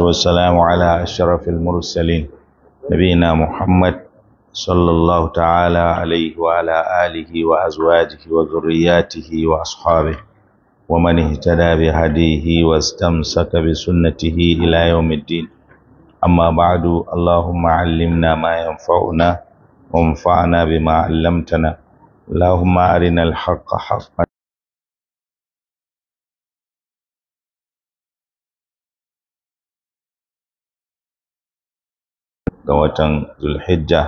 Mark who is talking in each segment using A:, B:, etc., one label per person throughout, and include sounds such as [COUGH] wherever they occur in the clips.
A: والصلاة والسلام على أشرف المرسلين نبينا محمد صلى الله تعالى عليه وعلى آله وأزواجه وذرياته وأصحابه ومن اهتدى بهديه واستمسك بسنته إلى يوم الدين أما بعد اللهم علمنا ما ينفعنا وانفعنا بما علمتنا اللهم أرنا الحق حقا
B: ga watan zulhijja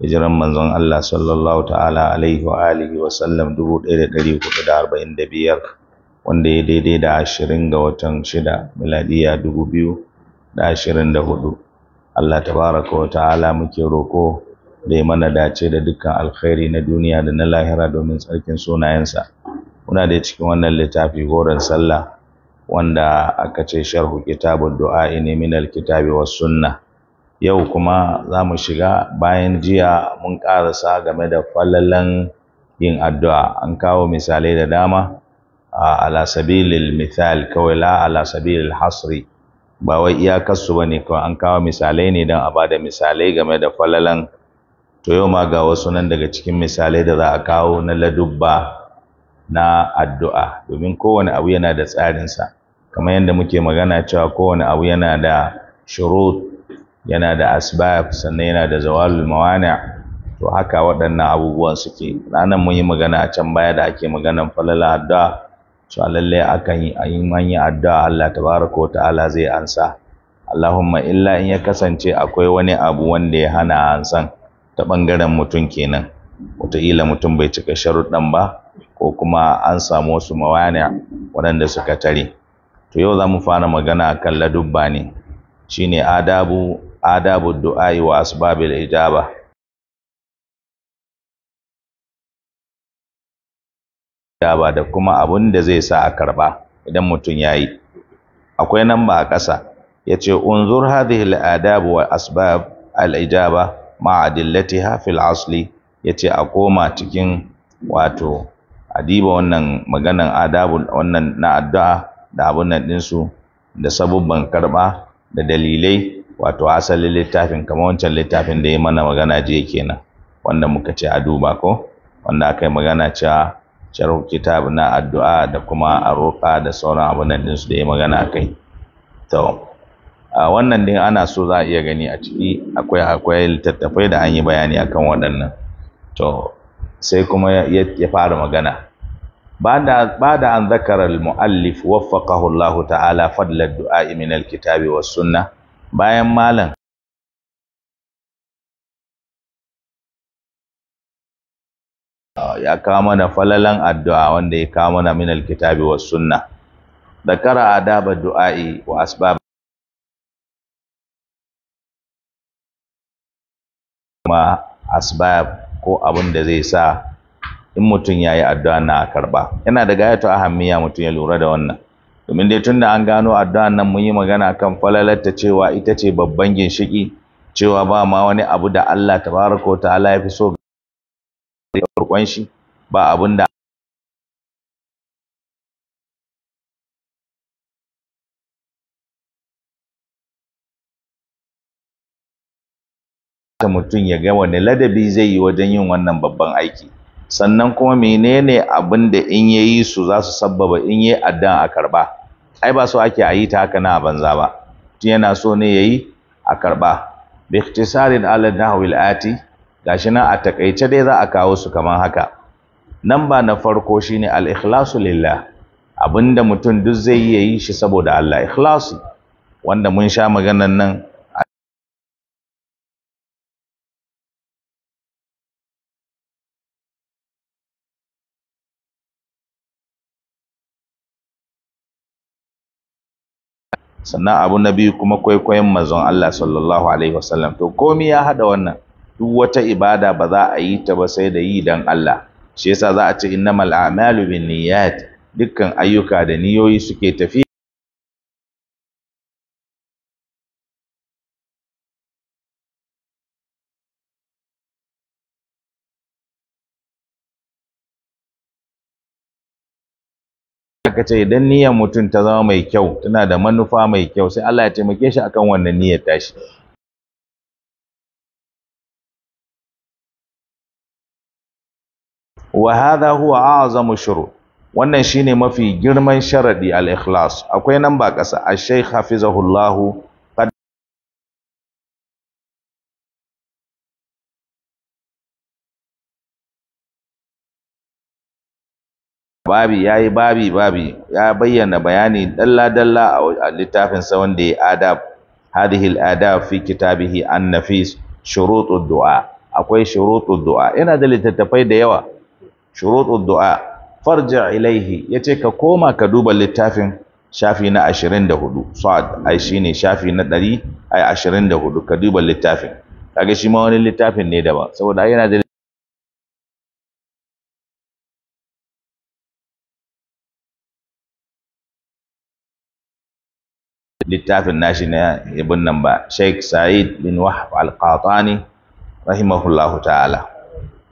A: hijiran manzon Allah sallallahu ta'ala alaihi wa alihi wa sallam 1445 wanda ya daidai da 20 ga watan 6 miladiya 2024 Allah tabaraka wa ta'ala muke roko da ya mana dace da dukkan alkhairi na duniya da na lahira domin tsarkin sunayensa muna da cikin wannan littafi goron sallah wanda aka ce sharhu kitabun du'a ne min alkitabi was sunnah yau kuma za mu shiga bayan jiya mun ƙarasa game da falalan yin addu'a an kawo misalai da dama a alasabilil misal kawai la alasabilil hasri ba wai iyakarsu ba ne kawai an kawo misalai ne don a ba da misalai game da falalan to yau ma ga wasu nan daga cikin misalai da za a kawo na ladubba na addu'a domin kowane abu yana da tsarinsa kamar yadda muke magana cewa kowane abu yana da shurut yana da asbab sannan yana da zawalul mawani to haka waɗannan abubuwan suke ranar mun yi magana a can baya da ake maganan falala addu'a to lallai akan yi ayi an yi addu'a Allah tabaraka ta'ala zai ansa Allahumma illa in ya kasance akwai wani abu wanda ya hana ansan ta bangaren mutum kenan wataƙila mutum bai cika sharuɗan ba ko kuma an samu wasu mawani waɗanda suka tare to yau za mu fara magana akan ladubba ne shine adabu آداب الدعاء وأسباب الإجابة
B: ba da kuma
A: abun da zai sa a karba idan mutum ya yi akwai nan ba a ƙasa ya ce unzur hadhihi al-adab wa asbab al-ijaba ma adillatiha fil asli ya ce a koma cikin wato adiba wannan maganan adabul wannan na addu'a da abun nan ɗinsu da sabubban karba da dalilai wato asalin littafin kamar wancan littafin da ya mana magana jiya kenan wanda muka ce a duba ko wanda aka yi magana cewa sharhu kitab na addu'a da kuma aroka da sauran abunan din su da ya magana kai to a wannan din ana so za a iya gani a ciki akwai akwai littattafai da an yi bayani akan waɗannan to sai kuma ya fara magana بعد أن ذكر المؤلف وفقه الله تعالى فضل الدعاء من الكتاب والسنة bayan malam ah, ya kawo mana falalan addu'a wanda ya kawo mana min alkitabi was sunna dakara adaba du'a'i wa asbab ma asbab ko abin da zai sa in mutum yayi addu'a na karba yana da gayatu ahammiya mutum ya lura da wannan domin dai da an gano addu'an nan mun yi magana kan falalarta cewa ita ce babban ginshiki cewa ba ma wani abu da Allah tabaraka ta'ala ya fi so ga roƙon shi ba abin da
B: ta mutum ya ga wani ladabi
A: zai yi wajen yin wannan babban aiki sannan kuma menene abinda da in yayi su za su sabbaba in yayi addan a karba ai ba so ake a yi ta haka na banza ba tun yana so ne yayi a karba bi ikhtisarin ala nahwil ati gashi nan a takaice dai za a kawo su kaman haka nan ba na farko shine al ikhlasu lillah abinda mutum duk zai yi shi saboda Allah ikhlasu! wanda mun
B: sha maganar nan sannan abu na biyu kuma
A: kwaikwayon manzon Allah sallallahu alaihi wasallam to komi ya haɗa wannan duk wata ibada ba za a yi ta ba sai da yi don Allah shi yasa za a ce innamal a'malu binniyat dukkan ayyuka da niyoyi suke tafiya
B: aka idan niyyar mutum ta zama mai kyau tana da manufa mai kyau sai Allah ya taimake shi akan wannan niyyar tashi
A: wa hadha huwa a'zamu shurut wannan shine mafi girman sharadi al-ikhlas akwai nan ba kasa al-shaykh hafizahullahu
B: babi ya yi
A: babi babi ya bayyana bayani dalla dalla a littafin sa wanda ya adab Hadihil adab fi kitabihi an-nafis shurutud du'a akwai shurutud du'a Ina da littattafai da yawa shurutud du'a farji ilaihi yace ka koma ka duba littafin shafi na 24 sa'ad ai shine shafi na 100 ai 24 ka duba littafin kage shi ma wani littafin ne daban saboda
B: yana da littafin nashi na
A: ibn nan ba Sheikh Sa'id bin Wahab al-Qahtani rahimahullahu ta'ala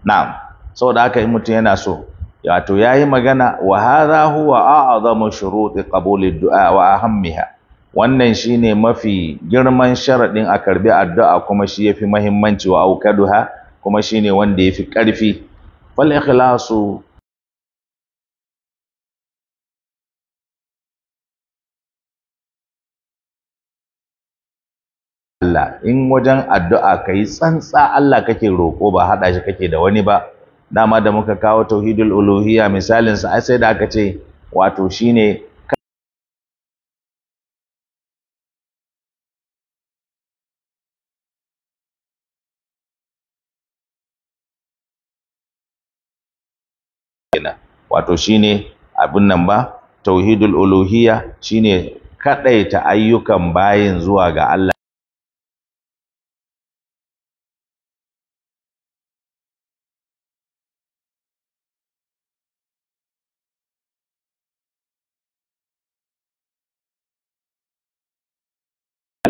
A: na'am saboda haka mutum yana so wato yayi magana wa hadha huwa a'zamu shuruti qabuli du'a wa ahammiha wannan shine mafi girman sharadin a karbi addu'a kuma shi yafi muhimmanci wa aukaduha kuma shine wanda yafi karfi fal ikhlasu Allah in wajen addu'a kai tsantsa Allah kake roƙo ba haɗa shi kake da wani ba dama da muka kawo tauhidul uluhiyya misalin sa sai da aka ce
B: wato shine
A: wato shine abin nan ba tauhidul uluhiyya shine kadaita ayyukan bayin
B: zuwa ga Allah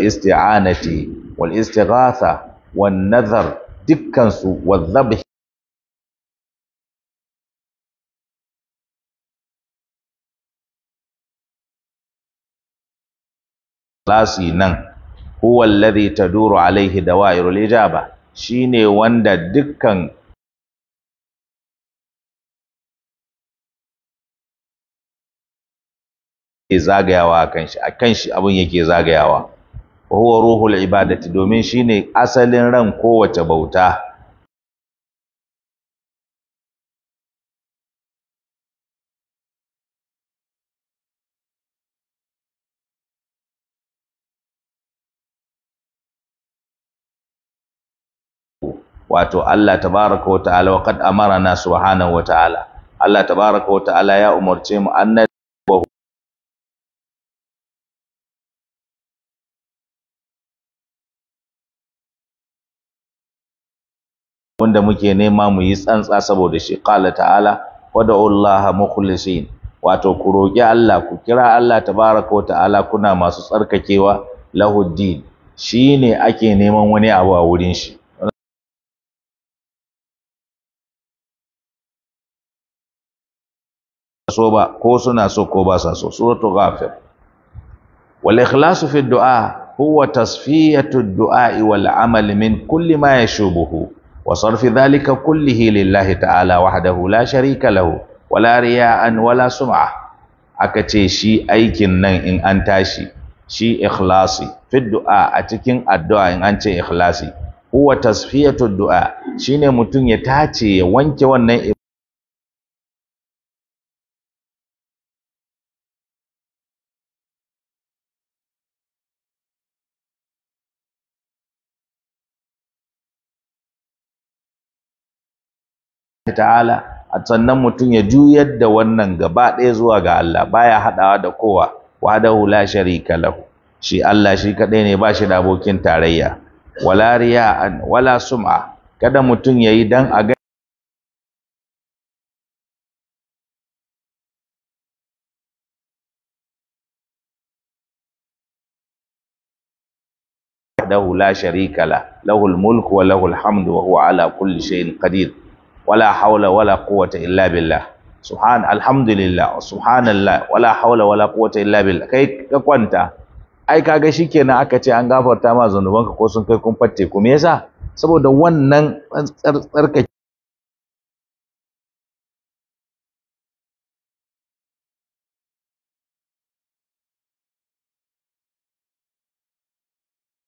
B: isti'anati wal istighatha wan nazar dukkan su wadhabh nan huwa alladhi taduru alaihi dawairul ijaba shine wanda dukkan
A: zagayawa akan shi akan shi abin yake zagayawa wa huwa ruhul ibadati domin shine asalin ran kowace bauta
B: wato Allah tabaraka wa ta'ala wa qad amarana subhanahu Allah tabaraka wa ya umarce mu annabahu wanda
A: muke nema mu yi tsantsa saboda shi qala ta'ala wad'u Allah mukhlisin wato ku roki Allah ku kira Allah tabaraka wa ta'ala kuna masu tsarkakewa lahu din shine ake neman wani abu a wurin shi
B: so ba ko
A: suna so ko ba sa so suratul ghafir wal ikhlas fi du'a huwa tasfiyatu du'a wal amal min kulli ma yashubuhu وصرف ذلك كله لله تعالى وحده لا شريك له ولا رياء ولا سمعة akace shi aikin nan in an tashi shi ikhlasi fi du'a a cikin addu'a in an ce ikhlasi huwa tasfiyatu du'a shine mutum ya tace ya wanke wannan ta'ala a sannan mutum ya juyar da wannan gaba ɗaya zuwa ga Allah baya haɗawa da kowa wahdahu la sharika lahu shi Allah shi kaɗai ne ba shi da abokin tarayya wala riya'an wala sum'a kada mutum yayi dan a وحده لا شريك له له الملك وله الحمد وهو على كل شيء قدير wala haula wala quwwata illa billah subhan alhamdulillah subhanallah wala haula wala quwwata illa billah kai ka kwanta ai kaga shikenan aka ce an gafarta ma zanubanka ko sun kai kun fatte ku me yasa saboda wannan tsarkake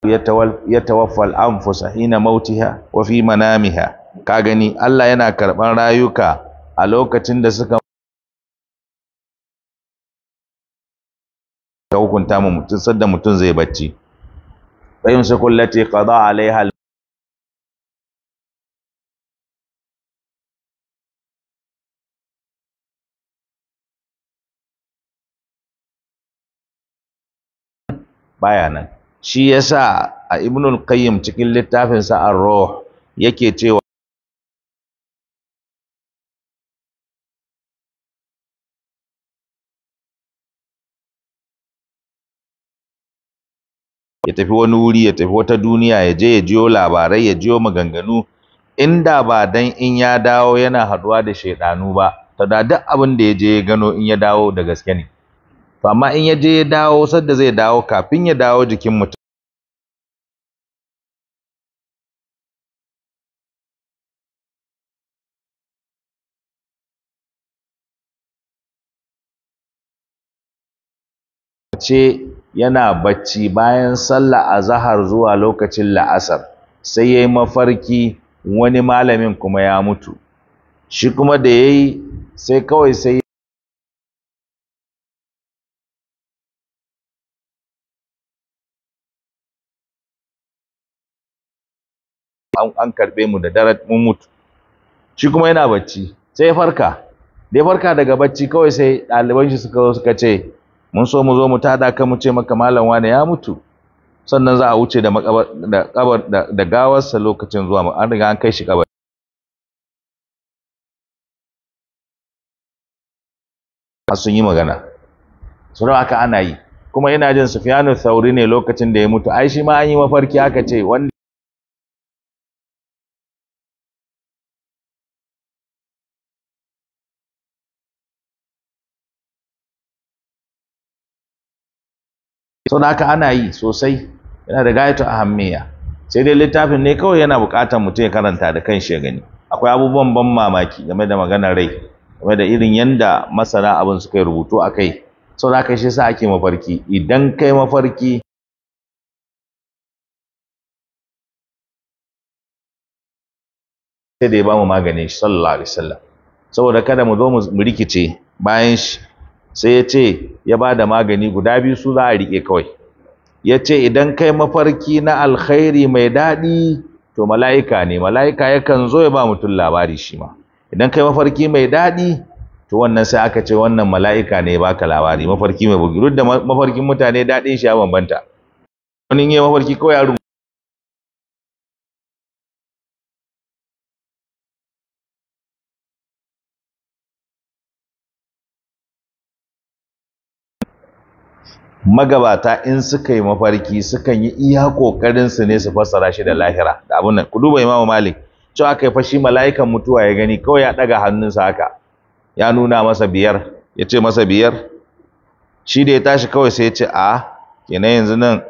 A: يتوفى الأنفس حين موتها وفي منامها ka gani Allah yana karɓar rayuka a lokacin da suka
B: ta hukunta mu mutum sadda mutum zai bacci bayan su kullati qada alaiha baya nan shi yasa a ibnul qayyim cikin littafinsa ar-ruh yake cewa ya
A: tafi wani wuri ya tafi wata duniya ya je ya jiyo labarai ya jiyo maganganu inda ba dan in ya dawo yana haduwa da shaidanu ba to da duk abin da ya je ya gano in ya dawo da gaske ne to amma in ya je ya dawo sanda zai dawo kafin ya dawo jikin mutum ce yana bacci bayan sallah azhar zuwa lokacin la'asar sai yayi mafarki wani malamin kuma ya mutu shi kuma da yayi sai kawai sai
B: an karbe mu da dare mun mutu
A: shi kuma yana bacci sai ya farka da ya farka daga bacci kawai sai ɗaliban shi suka zo suka ce mun so mu zo mu tada ka mu ce maka malam wane ya mutu sannan za a wuce da makabar da kabar da gawarsa lokacin zuwa mu an riga an kai shi kabar
B: sun yi magana sun aka ana yi kuma ina jin Sufyanu Thauri ne lokacin da ya mutu ai shi ma an yi mafarki aka ce wanda
A: sau da haka ana yi sosai yana da gayatu a hammiya sai dai littafin ne kawai yana bukatar mutum ya karanta da kan shi gani akwai abubuwan ban mamaki game da maganar rai game da irin yanda masana abin suka yi rubutu a kai sau da haka shi sa ake mafarki idan kai mafarki sai da ya ba mu maganin shi sallallahu alaihi wasallam saboda kada mu zo mu rikice bayan shi sai ya ce ya ba da magani guda biyu su za a riƙe kawai ya ce idan kai mafarki na alkhairi mai daɗi to mala'ika ne mala'ika yakan zo ya ba mutum labari shi ma idan kai mafarki mai daɗi to wannan sai aka ce wannan mala'ika ne ya baka labari mafarki mai bugi duk da mafarkin mutane daɗin shi ya bambanta wani
B: yi mafarki kawai
A: magabata in suka yi mafarki sukan yi iya kokarin su ne su fassara shi da lahira da abun nan ku duba imamu malik cewa aka yi fashi mala'ikan mutuwa ya gani kawai ya daga hannunsa haka ya nuna masa biyar ya ce masa biyar shi da ya tashi kawai sai ya ce a kenan yanzu nan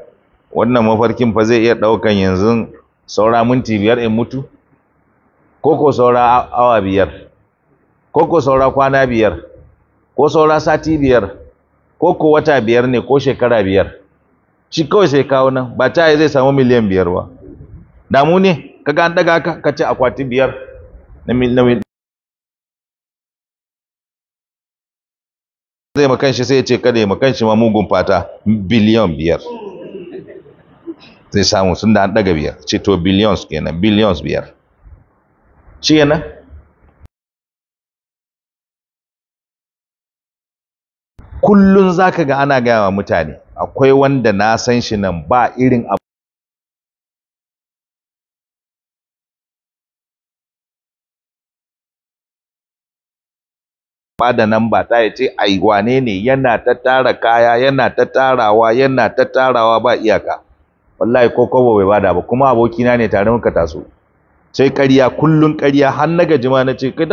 A: wannan mafarkin fa zai iya ɗaukan yanzu saura minti biyar in mutu Ko ko saura awa biyar Ko ko saura kwana biyar ko saura sati biyar ko ko wata biyar ne ko shekara biyar shi kawai sai kawo nan ba ta yi zai samu miliyan biyar ba damu ne kaga an daga ka ka ce akwati biyar na zai makan shi sai ya ce kada ya makan shi ma mugun fata biliyan biyar zai samu sun da an daga biyar ce to billions kenan billions biyar
B: shi kenan kullum za ka ga ana gaya wa mutane akwai wanda na san shi nan ba irin abu
A: ba da nan ba ta yi ce ai wane ne yana ta tara kaya yana ta tarawa yana ta tarawa ba iyaka wallahi ko kobo bai bada ba kuma abokina ne tare muka taso sai ƙarya kullum ƙarya har na gajima na ce kai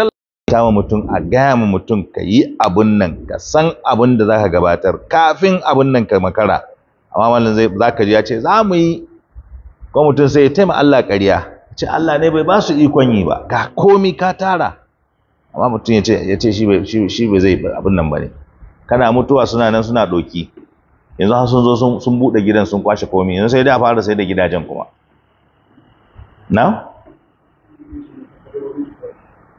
A: kama mutum a gaya ma mutum ka yi abun nan ka san abun da za ka gabatar kafin abun nan ka makara amma wannan zai za ka ji ya ce za mu yi ko mutum sai ya taima Allah ƙarya ce Allah ne bai ba su ikon yi ba ka komi ka tara amma mutum ya ce ya ce shi bai zai abun nan ba ne kana mutuwa suna nan suna ɗoki yanzu har sun zo sun buɗe gidan sun kwashe komi yanzu sai dai a fara sai da gidajen kuma na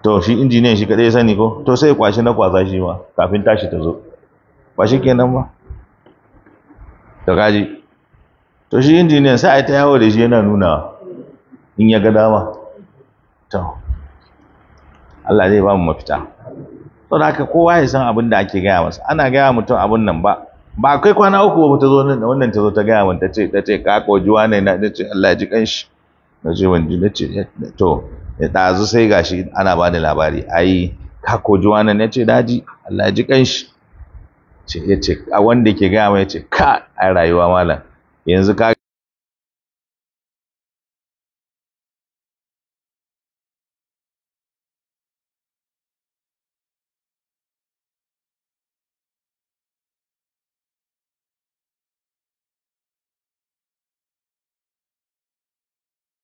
A: to shi injiniyan shi kadai sani ko to sai kwashi na kwasa shi ma kafin tashi ta zo kwashi kenan ba to kaji to shi injiniyan sai a ta yawo da shi yana nuna in ya ga dama to Allah zai ba mu mafita to da kowa ya san abin da ake gaya masa ana gaya mutum abin nan ba ba akwai kwana uku ba ta zo nan wannan ta zo ta gaya mun ta ce ta ce ka ko ne na ce Allah ya ji kanshi na ce ban ji na ce to Eh, ɗazu sai gashi ana ba da labari ai ka ko ji ce daji Allah ji kanshi ce ya ce a wanda ke gaya ya ce ka a rayuwa malam yanzu ka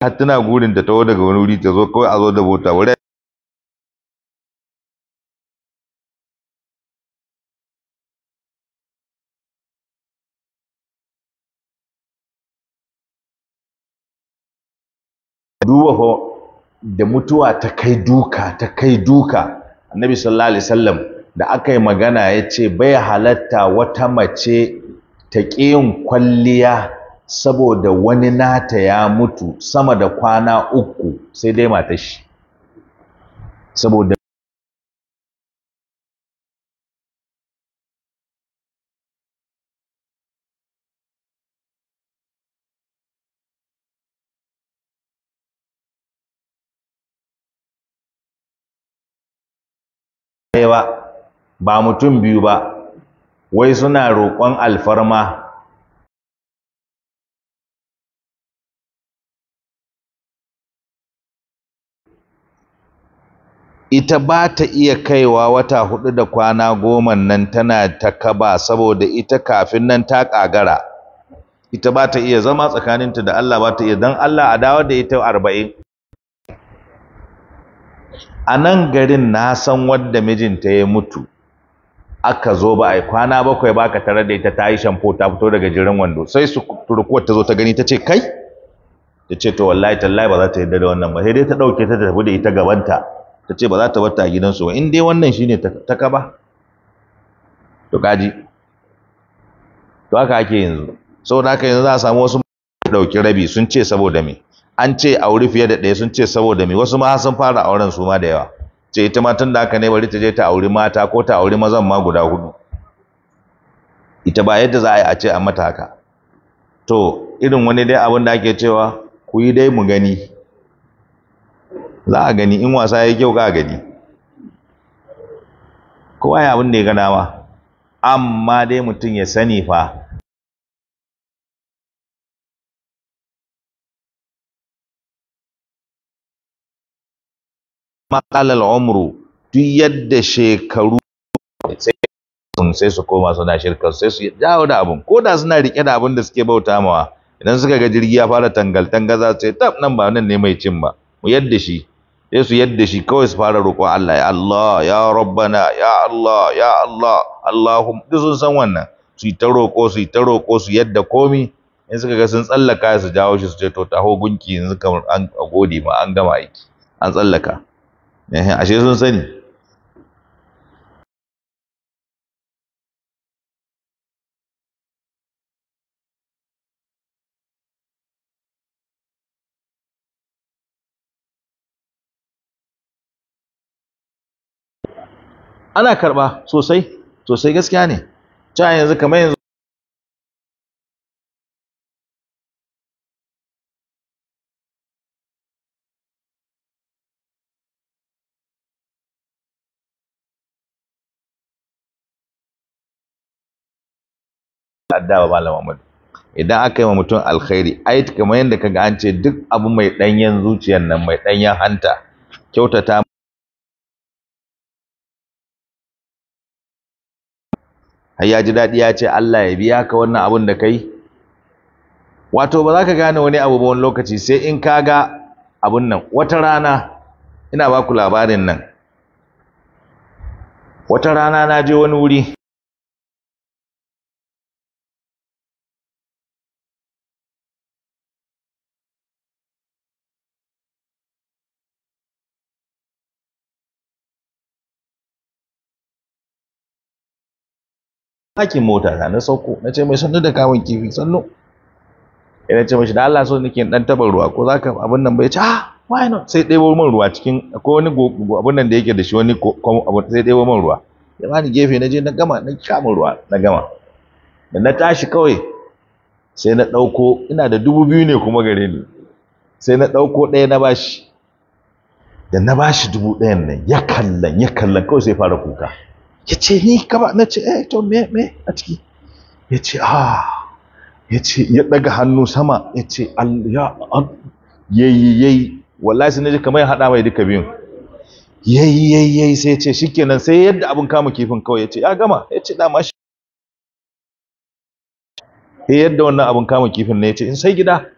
B: har tana gurin ta taho daga wani wuri ta zo kawai a zo da bota. wuri
A: duba da mutuwa ta kai duka ta kai duka annabi sallallahu alaihi wasallam da aka yi magana ya ce bai halatta wata mace ta ƙi yin kwalliya saboda wani nata ya mutu sama da kwana uku sai dai mata shi
B: ba mutum biyu ba wai suna roƙon alfarma
A: ita ba ta iya kaiwa wata hudu da kwana goma nan tana ta kaba saboda ita kafin nan ta ƙagara ita ba ta iya zama tsakaninta da Allah ba ta iya don Allah a dawo da ita arba'in a nan garin na san wanda mijinta ya mutu aka zo ba a kwana bakwai baka tare da ita ta yi shamfo ta fito daga jirin wando sai su turko ta zo ta gani ta ce kai ta ce to wallahi tallahi ba za ta yarda da wannan ba sai dai ta ɗauke ta tafi da ita gabanta ta ce ba za ta bata gidansu ba in dai wannan shine ta kaba to kaji to haka ake yanzu saboda haka yanzu za a samu wasu dauki rabi sun ce saboda me an ce wuri fiye da ɗaya sun ce saboda me wasu ma sun fara auren su ma da yawa ce ita ma tun da haka ne bari ta je ta auri mata ko ta auri mazan ma guda hudu ita ba yadda za a yi a ce an mata haka to irin wani dai abin da ake cewa ku yi dai mu gani za a gani in wasa ya yi kyau ka gani kowa ya abin da ya ga dama amma dai mutum ya sani fa matsalar umru duk yadda shekaru sai su koma suna shirka sai su dawo da abin ko da suna rike da abin da suke bauta mawa idan suka ga jirgi ya fara tangal tangaza sai tab nan ba nan ne mai cin ba mu yadda shi Yesu su yadda shi kawai su fara roƙon Allah ya Allah ya rabbana ya Allah ya Allah Allahum duk sun san wannan su yi ta roƙo su yi ta roƙo su yadda komi in suka ga sun tsallaka su jawo shi su ce to taho gunki yanzu kamar an gode ma an gama aiki an tsallaka ashe sun sani
B: ana karba sosai sosai gaskiya ne ta yanzu kamar yanzu
A: addawa malam Muhammad idan aka yi wa mutum alkhairi ai kamar yadda kaga an ce duk abu mai danyen zuciyar nan mai danyen hanta kyautata har ya ji daɗi ya ce Allah ya biya ka wannan abun da kai wato ba za ka gane wani abu ba wani lokaci sai in ka ga abun nan wata rana ina ba ku labarin nan wata rana na je wani wuri hakin mota na na sauko na ce mai sannu da kawon kifi sannu ya ce mashi da Allah so nake dan taba ruwa ko zaka abin nan bai ce ah why not sai dai wurin ruwa cikin ko wani abin nan da yake da shi wani sai dai wurin ruwa ya bani gefe na je na gama na kama ruwa na gama da na tashi kawai sai na ɗauko ina da dubu biyu ne kuma gare ni sai na ɗauko ɗaya na bashi da na bashi dubu ɗayan nan ya kallan ya kallan kawai sai fara kuka ya ce ni kaba na ce eh to me me a ciki ya ce ah ya ce ya daga hannu sama ya ce ya yayi yayi wallahi sai naji kamar ya hada mai duka biyun yayi yayi yayi sai ya ce shikenan sai yadda abun kama kifin kawai ya ce ya gama ya ce dama shi yadda wannan abun kama kifin ne ya ce in sai gida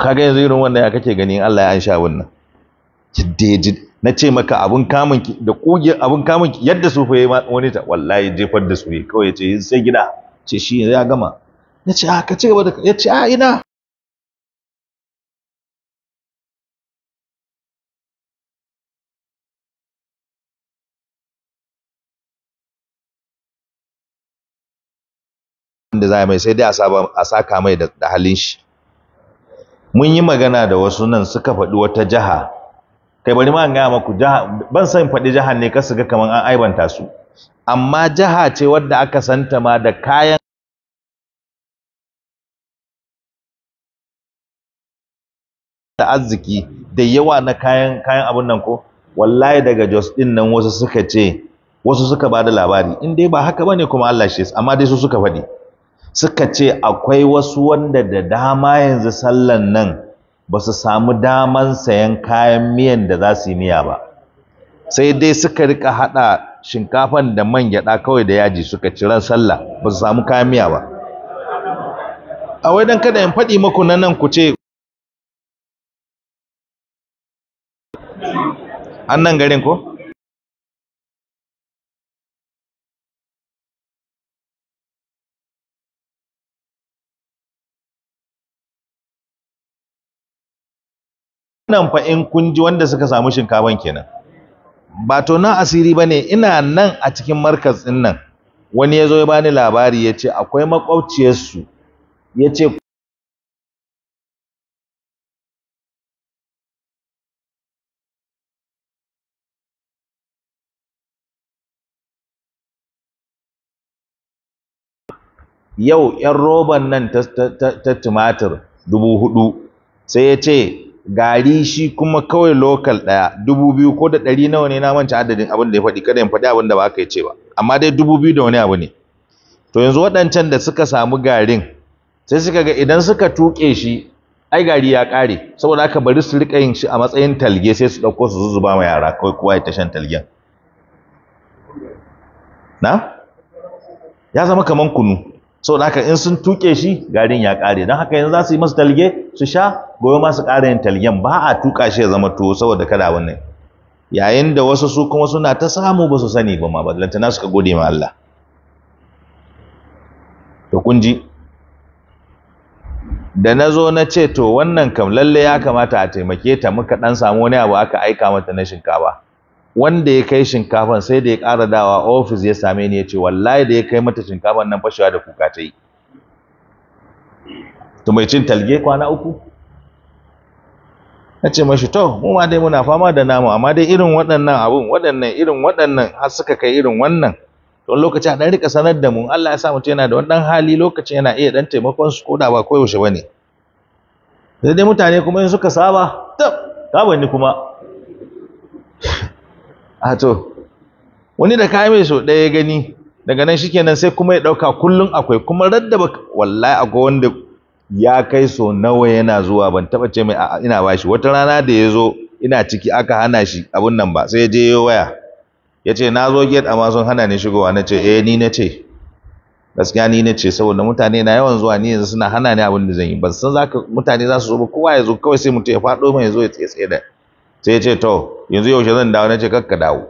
A: kaga yanzu irin wannan ya kake gani Allah ya ansha wannan jiddeji na ce maka abun kamun ki da kugiyar abun kamun ki yadda su fa yayi wani ta wallahi jefar da su yi kawai ya ce sai gida ce shi ya gama ya ce a ka ci gaba
B: da ya ce a ina
A: da za mai sai dai a saka mai da halin shi mun yi magana da wasu nan suka faɗi wata jiha. kai bari ma an gaya maku ban san faɗi jiha ne ka ga kaman an aibanta su amma jiha ce wadda aka santa ma da kayan da arziki da yawa na kayan kayan abun nan ko wallahi daga Jos din nan wasu suka ce wasu suka ba da labari in dai ba haka bane kuma Allah shi amma dai su suka faɗi suka ce akwai wasu wanda da dama yanzu sallan nan ba su samu daman sayan kayan miyan da za su yi miya ba sai dai suka rika haɗa shinkafan da man gyada kawai da yaji suka ci ran sallah ba su samu kayan miya ba a wai dan kada in faɗi muku na nan ku ce
B: an nan garin ko wannan fa in kun ji
A: wanda suka samu shinkafan kenan ba to nan asiri bane ina nan a cikin markaz din nan wani ya zo ya bani labari ya ce akwai makwabciyarsu ya ce yau 'yan roban nan ta tumatir dubu hudu sai ya ce gari shi kuma kawai lokal ɗaya dubu biyu ko da ɗari nawa ne na manci adadin abin da ya faɗi kada in faɗi abin da ba aka yi ce ba amma dai dubu biyu da wani abu ne to yanzu waɗancan da suka samu garin sai suka ga idan suka tuƙe shi ai gari ya ƙare saboda haka bari su riƙa yin shi a matsayin talge sai su ɗauko su zuzzuba ma yara kawai kowa ya tashan talgen na ya zama kaman kunu so da haka in sun tuke shi garin ya kare don haka yanzu za su yi masa talge su sha gobe ma su ƙara yin talgen ba a tuka shi ya zama tuwo saboda kada wannan yayin da wasu su kuma suna ta samu ba su sani ba ma na suka gode ma Allah to kun da na zo na ce to wannan kam lalle ya kamata a taimake ta muka dan samu wani abu aka aika mata na shinkafa wanda ya kai shinkafan sai da ya ƙara dawa ofis ya same ni ya ce wallahi da ya kai mata shinkafan nan fashewa da kuka ta yi to mai cin talge kwana uku na ce mashi to mu ma dai muna fama da namu amma dai irin waɗannan abun waɗannan irin waɗannan har suka kai irin wannan to lokaci a ɗan rika sanar da mu Allah ya sa mutum yana da wani hali lokacin yana iya ɗan taimakon su koda ba koyaushe ba ne sai dai mutane kuma in suka saba to ka ni kuma a wani da kayi mai so ɗaya gani daga nan shikenan sai kuma ya ɗauka kullum akwai kuma raddaba wallahi akwai wanda ya kai so nawa yana zuwa ban taba ce mai ina bashi wata rana da ya zo ina ciki aka hana shi abun nan ba sai ya je waya ya ce na zo gate amma sun hana ni shigowa na ce eh ni na ce gaskiya ni na ce saboda mutane na yawan zuwa ni yanzu suna hana ni abin da zan yi ban san zaka mutane za su zo ba kowa ya zo kawai sai mutum ya faɗo mai ya zo ya tsaye da sai ya ce to yanzu yaushe zan dawo na ce kakka dawo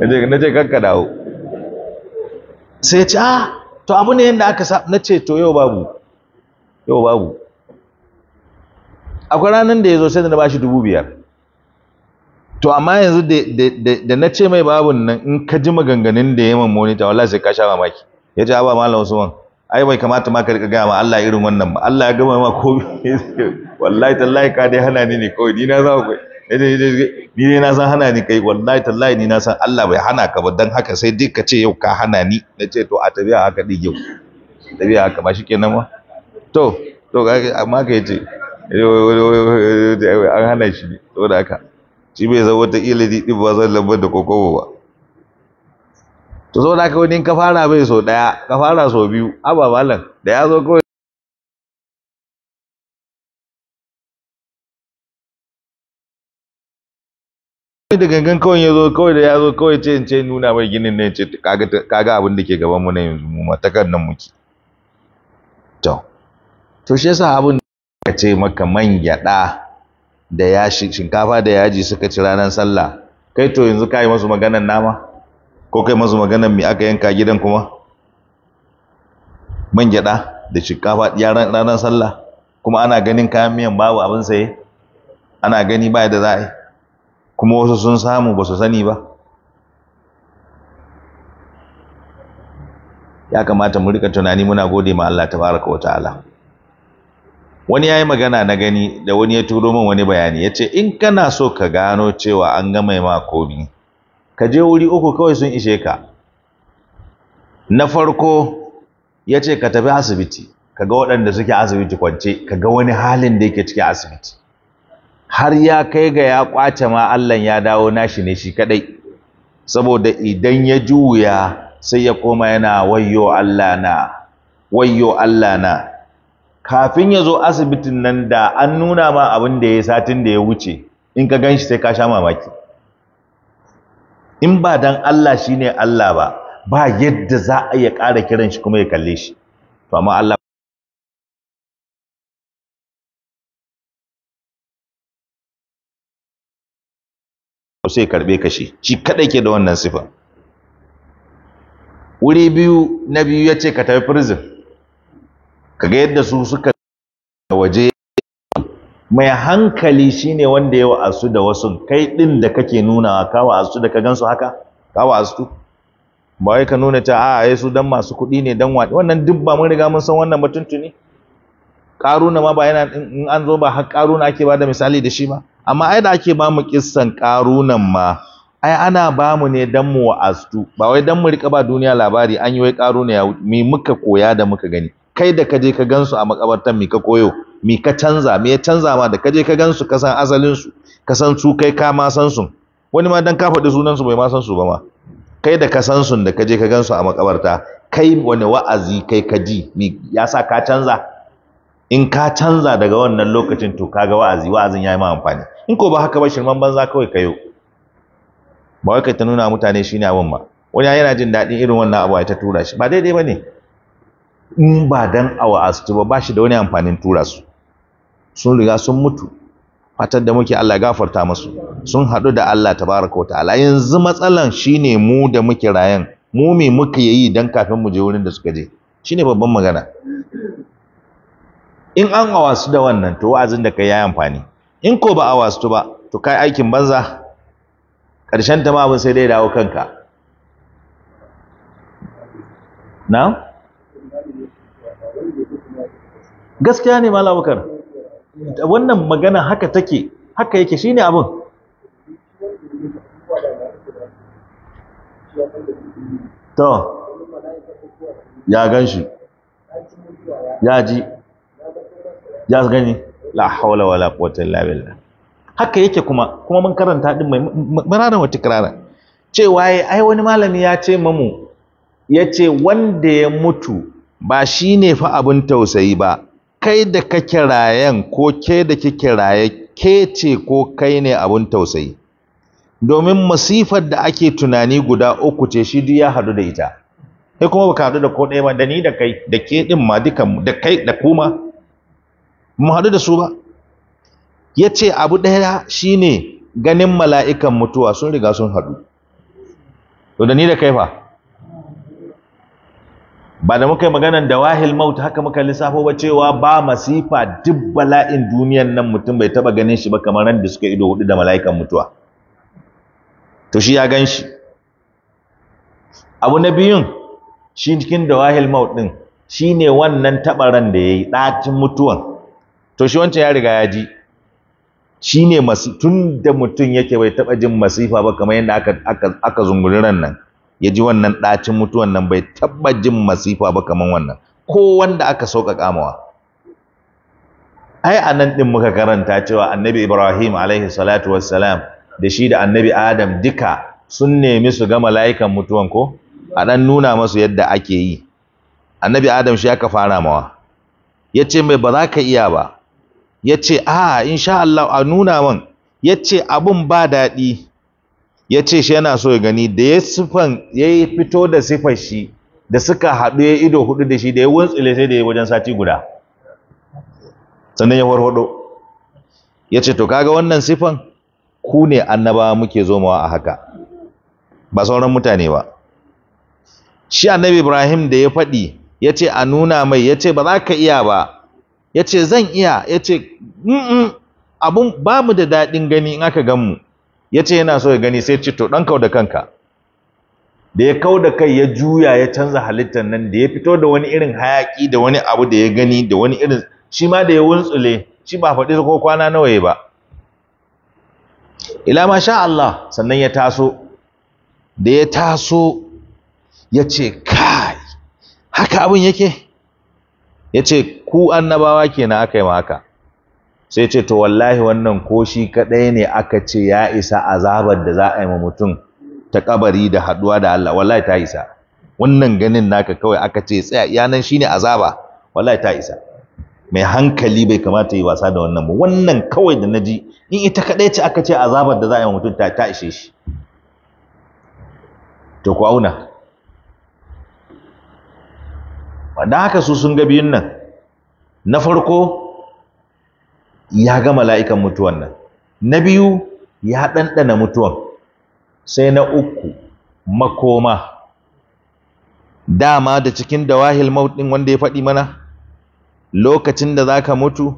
A: [LAUGHS] na ce kakka dawo sai ya ce a, ah, to abu ne yadda aka sa na ce to yau babu yau babu akwai ranar da ya zo sai da na bashi dubu biyar to amma yanzu da na ce mai babun nan in ka ji maganganun da ya yi mamoni ta wala sai ka sha mamaki ya ce a malam usman ai bai kamata ma ka riƙa gaya ma Allah irin wannan ba Allah ya gama ma ko [LAUGHS] wallahi tallahi ka dai hana ni ne kawai ni na za kai. ni ne na san hana ni kai wallahi tallahi ni na san Allah bai hana ka ba dan haka sai duk ka ce yau ka hana ni na ce to a tabiya haka din yau tabiya haka ba shikenan ba to to amma ka yace an hana shi ne da haka shi bai zama wata ila di ba zan lambar da kokobo ba to da haka wani in ka fara bai so daya ka fara so biyu ababalan malam
B: da ya zo kawai
A: da gangan kawai ya zo kawai da ya zo kawai ce ce nuna mai ginin ne ce kaga abin da ke gaban mu na yanzu mu matakan nan muke to to shi yasa abin da ka ce maka man gyada da yashi shinkafa da yaji suka ci ranar sallah kai to yanzu kai masu maganar nama ko kai masu maganar me aka yanka gidan kuma man gyada da shinkafa ranar sallah kuma ana ganin kayan miyan babu abin saye ana gani ba da za'a yi kuma wasu sun samu ba su sani ba ya kamata mu rika tunani muna gode ma Allah tabaraka wa ta'ala wani yayi magana na gani da wani ya turo min wani bayani yace in kana so ka gano cewa an ga mai ma komi ka je wuri uku kawai sun ishe ka na farko yace ka tafi asibiti kaga waɗanda suke asibiti kwance kaga wani halin da yake cikin asibiti har ya kai ga ya kwace ma Allah ya dawo nashi ne shi kadai saboda idan ya juya sai ya koma yana wayyo Allah na wayyo Allah na kafin ya zo asibitin nan da an nuna ma abin da ya satin da ya wuce in ka ganshi sai ka sha mamaki in ba dan Allah shine Allah ba ba yadda za a iya ƙara kiran shi kuma ya kalle shi to amma Allah sai karbe ka shi shi kadai ke da wannan sifa wuri biyu na biyu ya ce ka tafi prison ka ga yadda su suka waje mai hankali shine wanda ya wa'asu da wasu kai din da kake nuna ka asu da ka gansu haka ka asu ba wai ka nuna ta a su dan masu kuɗi ne dan wani wannan duk ba mun riga mun san wannan ba tuntuni karuna ma ba yana in an zo ba har karuna ake bada misali da shi ba amma ai da ake bamu kissan karunan ma ai ana bamu ne dan mu wa'astu ba wai dan mu rika ba duniya labari an yi wai karuna ya mi muka koya da muka gani kai da kaje ka gansu a makabartan mi ka koyo mi ka canza me ya canza ma da kaje ka gansu ka san asalin su ka san su kai ka ma san su wani ma dan ka faɗi sunan su bai ma san su ba ma kai da ka san su da kaje ka gansu a makabarta kai wani wa'azi kai ka ji mi ya sa ka canza in ka canza daga wannan lokacin to kaga wa'azi wa'azin ya yi ma amfani in ko ba haka ba shirman banza kawai kayo ba wai kai ta nuna mutane shi ne abin ba wani yana jin daɗin irin wannan abu ta tura shi ba daidai ba ne in ba dan awa a ba ba shi da wani amfanin tura su sun riga sun mutu fatar da muke Allah gafarta musu sun haɗu da Allah ta tabaraka ta'ala yanzu matsalan shine mu da muke rayan mu me muka yi dan kafin mu je wurin da suka je shine babban magana in an awasu da wannan to wa'azin da kai yi amfani in ko ba a wasu ba to kai aikin banza ƙarshen ta ma abin sai dai dawo kanka na gaskiya ne malabukar wannan magana haka take haka yake shi ne abin to ya gan shi ya ji ya gani la hawla wala quwwata illa billah haka yake kuma kuma mun karanta din mai mararan wata kirara cewa ai wani malami ya ce mamu yace wanda ya mutu ba shi ne fa abin tausayi ba kai da ka kirayen ko ke da ki kiraye ke ce ko kai ne abun tausayi domin masifar da ake tunani guda uku ce shi duk ya hadu da ita kai kuma baka hadu da ko ɗaya ba da ni da kai da ke din ma dukan da kai da kuma mu haɗu da su ba ya ce abu ɗaya shi ne ganin mala'ikan mutuwa sun riga sun haɗu to da ni da kai fa ba da muka yi maganan da wahil maut haka muka lissafo ba cewa ba masifa duk bala'in duniyan nan mutum bai taba ganin shi ba kamar da suka ido hudu da mala'ikan mutuwa to shi ya gan shi abu na biyun shi cikin da wahil shi ne wannan taɓaran da ya yi ɗacin mutuwan to shi wancan ya riga ya ji shi ne tun da mutum yake bai taɓa jin masifa ba kamar yadda aka, aka, nan ya ji wannan ɗacin mutuwan nan bai taɓa jin masifa ba kamar wannan ko wanda aka sauƙaƙa mawa ai a nan ɗin muka karanta cewa annabi ibrahim alaihi salatu wassalam da shi da annabi adam duka sun nemi su ga mala'ikan mutuwan ko a ɗan nuna masu yadda ake yi annabi adam shi aka fara mawa ya ce mai ba za ka iya ba ya ce a ah, insha Allah a nuna man ya ce abin ba daɗi ya ce shi yana so ya gani da ya sifan ya yi fito da sifar shi da suka haɗu ya ido hudu da shi da ya ile sai da ya wajen sati guda sannan ya warwado ya ce to kaga wannan sifan ku ne annabawa muke zomawa a haka ba sauran mutane ba shi annabi ibrahim da ya faɗi ya ce a nuna mai ya ce ba za ka iya ba ya ce zan iya ya ce abun ba mu da daɗin gani in aka gan mu ya ce yana so ya gani sai ce to ɗan kau da kanka da ya kau da kai ya juya ya canza halittar nan da ya fito da wani irin hayaƙi da wani abu da ya gani da wani irin shi ma da ya wuntsule shi ba faɗi ko kwana nawa ya ba ila ma sha Allah sannan ya taso da ya taso ya ce kai haka abin yake ya ce ku annabawa kenan aka yi ma haka sai ce to wallahi wannan ko shi kadai ne aka ce ya isa azabar da za a yi ma mutum ta kabari da haduwa da Allah wallahi ta isa wannan ganin naka kawai aka ce tsaya yanan shine azaba wallahi ta isa mai hankali bai kamata yi wasa da wannan ba wannan kawai da naji in ita kadai ce aka ce azabar da za a yi ma mutum ta ishe shi to ku auna wanda haka su sun ga biyun nan na farko ya ga mala'ikan mutuwan nan na biyu ya ɗanɗana mutuwan sai na uku makoma dama da cikin dawahil wahil ɗin wanda ya faɗi mana lokacin da za ka mutu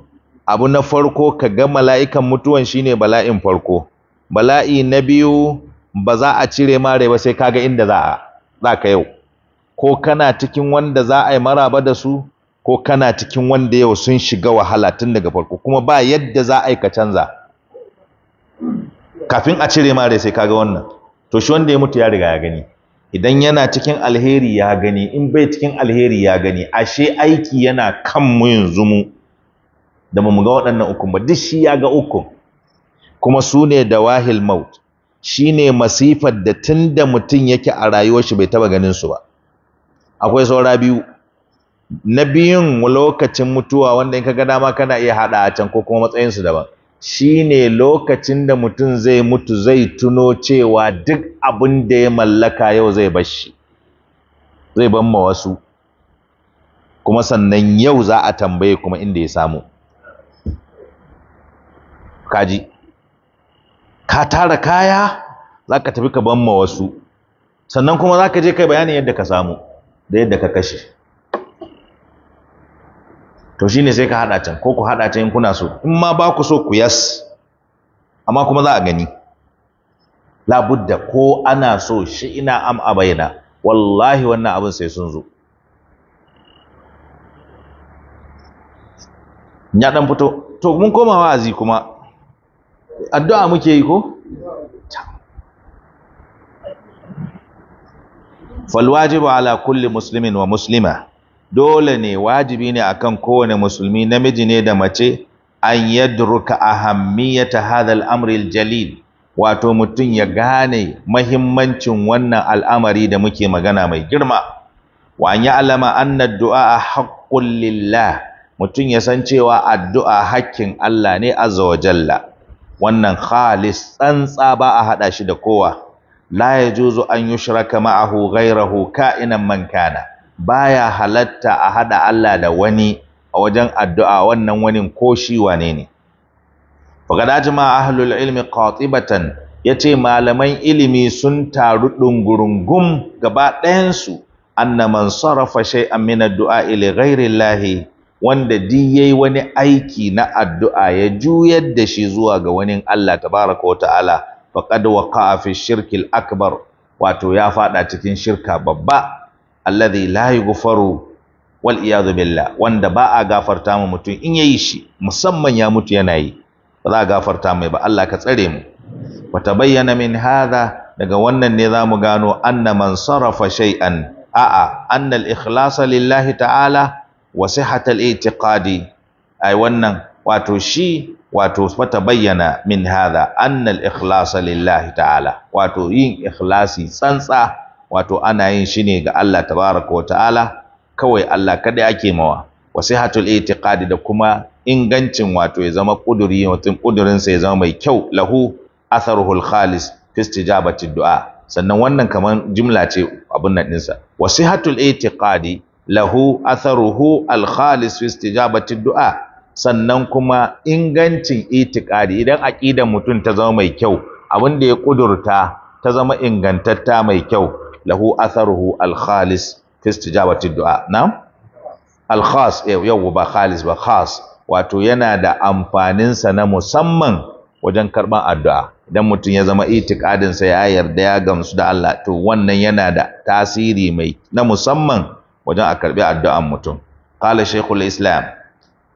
A: abu na farko ka ga mala'ikan mutuwan shine bala'in farko bala'i na biyu ba za a cire mare ba sai kaga inda za a yau ko kana cikin wanda za a yi maraba da su ko kana cikin wanda yau sun shiga wahala tun daga farko kuma ba yadda za a yi ka canza kafin a cire mare sai kaga wannan to shi wanda ya mutu ya riga ya gani idan yana cikin alheri ya gani in bai cikin alheri ya gani ashe aiki yana kan mu yanzu mu da mu ga waɗannan ukun ba duk shi ya ga ukun kuma su ne da wahil maut shi ne masifar da tun da mutum yake a rayuwar shi bai taba ganin su ba akwai saura biyu na biyun lokacin mutuwa wanda in ka ga dama kana iya haɗa a can ko kuma matsayinsu daban shine lokacin da mutum zai mutu zai tuno cewa duk abin da ya mallaka yau zai bar shi zai ban ma wasu kuma sannan yau za a tambaye kuma inda ya samu kaji ka tara kaya za ka tafi ka ban ma wasu sannan kuma za ka je kai bayanin yadda ka samu da yadda ka kashe to shi ne sai ka hada can ko ku hada can in kuna so in ma ba ku so ku yas amma kuma za a gani labudda ko ana so shi ina am bayyana wallahi wannan abin sai sun zo ya dan fito to mun koma wa'azi kuma addu'a muke yi ko فالواجب على كل مسلم ومسلمه dole ne wajibi ne a kan kowane musulmi namiji ne da mace an yadruka ahammiyata hadha al al-jalil wato mutum ya gane mahimmancin wannan al'amari da muke magana mai girma wa an ya'lama anna ad-du'a haqqun lillah mutum ya san cewa addu'a hakkin Allah ne azza wa jalla wannan khalis tsantsa ba a haɗa shi da kowa la yajuzu an yushraka ma'ahu ghayrahu ka'inan man kana baya halatta a haɗa Allah da wani a wajen addu'a wannan wani ko shi wane ne faqad ajma ahlul ilmi qatibatan ce malaman ilimi sun taru dungurungum gaba ɗayansu anna man sarafa shay'an min ad-du'a ila ghairi wanda di wani aiki na addu'a ya juyar da shi zuwa ga wani Allah tabaraka wa ta'ala faqad waqa'a shirkil akbar wato ya fada cikin shirka babba alladhi la yughfaru wal iyadu billah wanda ba a gafarta mu mutum in yayi shi musamman ya mutu yana yi ba za a gafarta mai ba Allah ka tsare mu wa tabayyana min hadha daga wannan ne zamu gano anna man sarafa shay'an a'a anna al ikhlasa lillahi ta'ala wa sihhat al i'tiqadi ai wannan wato shi wato fata bayyana min hadha anna al ikhlasa lillahi ta'ala wato yin ikhlasi tsantsa wato ana yin shi ne ga Allah tabaraka wa ta'ala kawai Allah kada ake mawa wasihatul itiqadi da kuma ingancin wato ya zama kuduri wato kudurin sa ya zama mai kyau lahu atharuhul khalis fi istijabati du'a sannan wannan kaman jumla ce abun nan dinsa wasihatul itiqadi lahu atharuhu al khalis fi istijabati du'a sannan kuma ingancin itikadi idan aqidar mutum ta zama mai kyau abin da ya kudurta ta zama ingantatta mai kyau lahu atharuhu al-khalis fi istijabati du'a na'am al-khas eh, yau ba khalis ba khas wato yana da amfaninsa na musamman wajen karban addu'a idan mutum ya zama itikadin sa ya yarda ya gamsu da Allah to wannan yana da tasiri mai na musamman wajen a karbi addu'an mutum qala shaykhul islam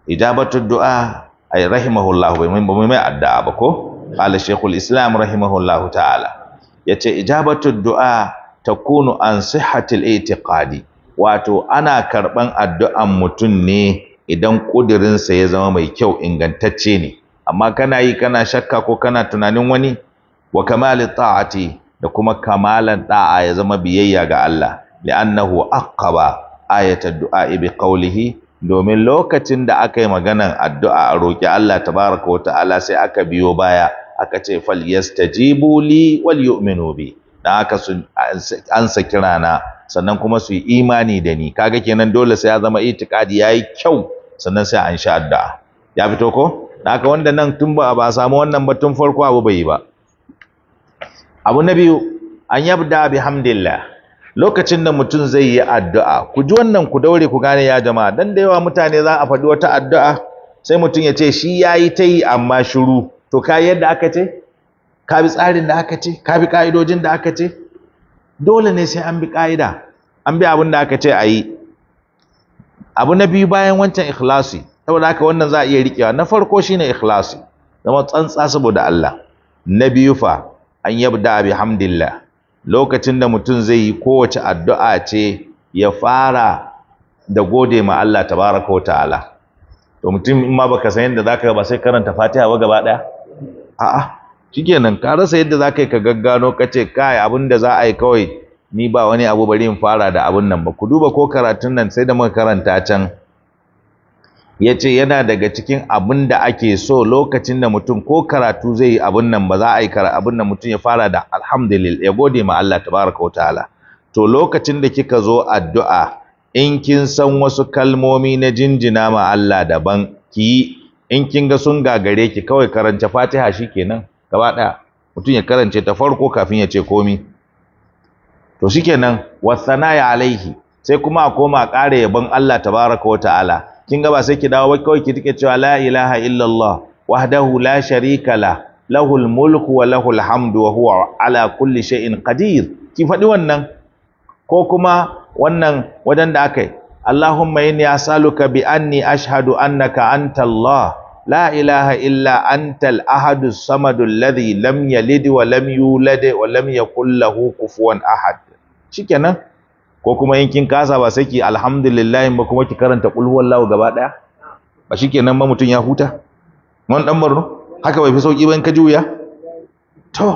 A: ijabatu du'a ay rahimahullahu bai mai mai addu'a ba ko qala shaykhul islam rahimahullahu ta'ala yace ijabatu du'a takunu an sihatil itiqadi wato ana karban addu'an mutum ne idan kudirinsa ya zama mai kyau ingantacce ne amma kana yi kana shakka ko kana tunanin wani wa kamali ta'ati da kuma kamalan da'a ya zama biyayya ga Allah li'annahu aqaba ayatul du'a bi qawlihi domin lokacin da aka yi maganar addu'a a roƙi Allah tabaraka wa ta'ala sai aka biyo baya aka ce fal yastajibu li wal yu'minu bi dan haka su ansa kira na sannan kuma su imani da ni kaga kenan dole sai ya zama itikadi yayi kyau sannan sai an sha addu'a ya fito ko dan haka wanda nan tun ba ba samu wannan ba tun farko abu bai yi ba abu na biyu an yabda bihamdillah lokacin da mutum zai yi addu'a ku ji wannan ku daure ku gane ya jama'a dan da yawa mutane za a faɗi wata addu'a sai mutum ya ce shi yayi ta yi amma shiru to kai yadda aka ce ka bi tsarin da aka ce ka bi ka'idojin da aka ce dole ne sai an bi ka'ida an bi abin da aka ce a yi abu na biyu bayan wancan ikhlasi saboda haka wannan za a iya riƙewa na farko shi shine ikhlasi zama tsantsa saboda Allah na biyu fa an yabda bi hamdillah lokacin da mutum zai yi kowace addu'a ce ya fara da gode ma Allah tabaraka ta'ala to mutum in ma baka san yadda zaka ba sai karanta Fatiha ba gaba daya a'a shikenan ka rasa yadda za ka yi ka gaggano ka ce kai abin da za a yi kawai ni ba wani abu bari in fara da abin nan ba ku duba ko karatun nan sai da muka karanta can ya ce yana daga cikin abin da ake so lokacin da mutum ko karatu zai yi abin nan ba za a yi abin nan mutum ya fara da alhamdulillah ya gode ma Allah tabaraka ta'ala to lokacin da kika zo addu'a in kin san wasu kalmomi na jinjina ma Allah daban ki in kin ga sun gagare ki kawai karanta Fatiha shikenan gaba ɗaya mutum ya karance ta farko kafin ya ce komi to shikenan ya alaihi sai kuma a koma a ƙara yabon Allah tabaraka wa ta'ala kin ga ba sai ki dawo kawai ki take cewa la ilaha illallah wahdahu la sharika la lahul mulku wa lahul hamdu wa huwa ala kulli shay'in qadir ki faɗi wannan ko kuma wannan wajen da aka yi Allahumma inni as'aluka bi anni ashhadu annaka anta la ilaha illa antal ahadu samadu alladhi lam yalid wa lam yulad wa lam yakul lahu kufuwan ahad ko kuma in kin kasa ba sai ki alhamdulillah ba kuma ki karanta qul huwallahu gaba daya ba shikenan ma mutun ya huta mun dan barno haka bai fi sauki ba in ka juya to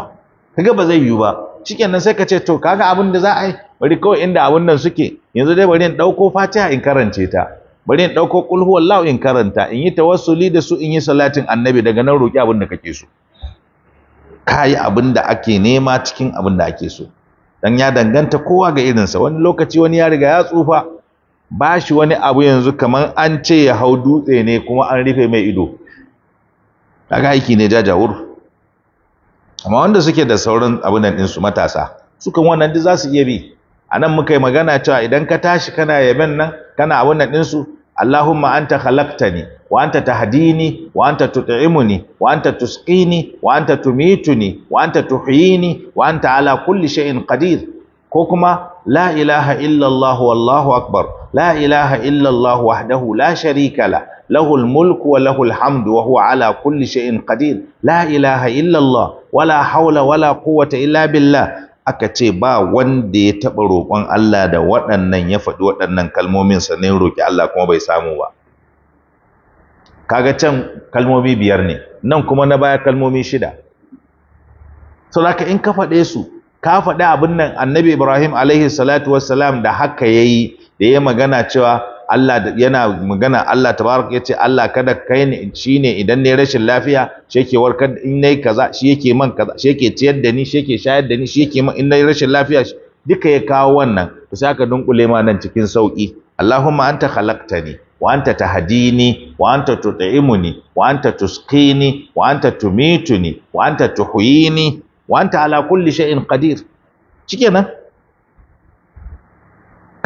A: kaga ba zai yiwu ba shikenan sai ka ce to kaga abin da za a yi bari kawai inda abun nan suke yanzu dai bari in dauko fatiha in karance ta bari in ɗauko ƙul huwallahu in karanta in yi tawassuli da su in yi salatin annabi daga nan roƙi abin da kake so ka abin da ake nema cikin abin da ake so dan ya danganta kowa ga irinsa wani lokaci wani ya riga ya tsufa ba shi wani abu yanzu kamar an ce ya hau dutse ne kuma an rufe mai ido kaga aiki ne jajawur amma wanda suke da sauran abin nan ɗinsu matasa sukan wannan duk za su iya bi anan nan muka yi magana cewa idan ka tashi kana yaben nan kana abin nan ɗinsu Allahumma anta khalaqtani wa anta tahdini wa anta tut'imuni wa anta tusqini wa anta tumituni wa anta tuhyini wa anta ala kulli shay'in qadir ko kuma la ilaha illa Allah wallahu akbar la ilaha illa Allah wahdahu la sharika la lahul mulku wa lahul hamdu wa huwa ala kulli shay'in qadir la ilaha illa Allah wala haula wala quwwata illa billa. aka ce ba wanda ya taɓa roƙon Allah da waɗannan ya faɗi waɗannan kalmomin sannan roƙi Allah kuma bai samu ba kaga can kalmomi biyar ne nan kuma na baya kalmomi shida so in ka faɗe su ka faɗi abin nan annabi Ibrahim alaihi salatu wassalam da haka yayi da ya magana cewa Allah yana magana Allah tabaraka yace Allah kada kai ne shine idan ne rashin lafiya shi yake warkar in nayi kaza shi yake man kaza shi yake ciyar da ni shi yake shayar da ni shi yake man in nayi rashin lafiya duka ya kawo wannan to sai aka dunkule ma nan cikin sauki Allahumma anta khalaqtani wa anta tahdini wa anta tut'imuni wa anta tusqini wa anta tumituni wa anta tuhyini wa anta ala kulli shay'in qadir shikenan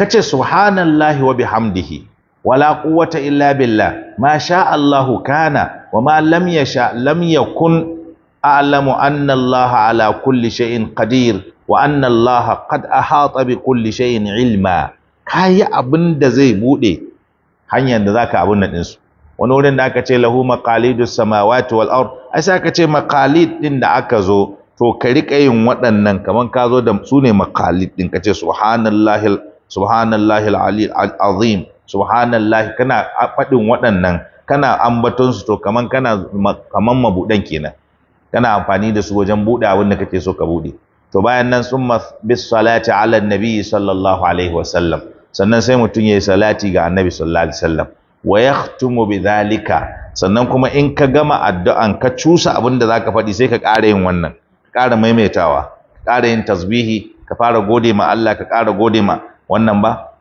A: kace subhanallahi wa bihamdihi wala quwwata illa billah ma sha Allahu kana wa ma lam yasha lam yakun a'lamu anna Allah ala kulli shay'in qadir wa anna Allah qad ahata bi kulli shay'in ilma kayi abinda zai bude hanyar da zaka abun nan su wani wurin da aka ce lahu maqalidus samawati wal ard ai sai aka ce maqalid din da aka zo to ka rika yin waɗannan kaman ka zo da su ne maqalid din ka ce subhanallahi subhanallahi al-ali azim subhanallahi kana faɗin waɗannan kana ambaton su to kaman kana kaman mabudan kenan kana amfani da su wajen buɗe abin da kake so ka buɗe to bayan nan summa bis salati ala nabi sallallahu alaihi wasallam sannan sai mutum yayi salati ga annabi sallallahu alaihi wasallam wa yahtumu bidhalika sannan kuma in ka gama addu'an ka cusa abin da zaka faɗi sai ka ƙara yin wannan ƙara maimaitawa ƙara yin tasbihi ka fara gode ma Allah ka ƙara gode ma wannan ba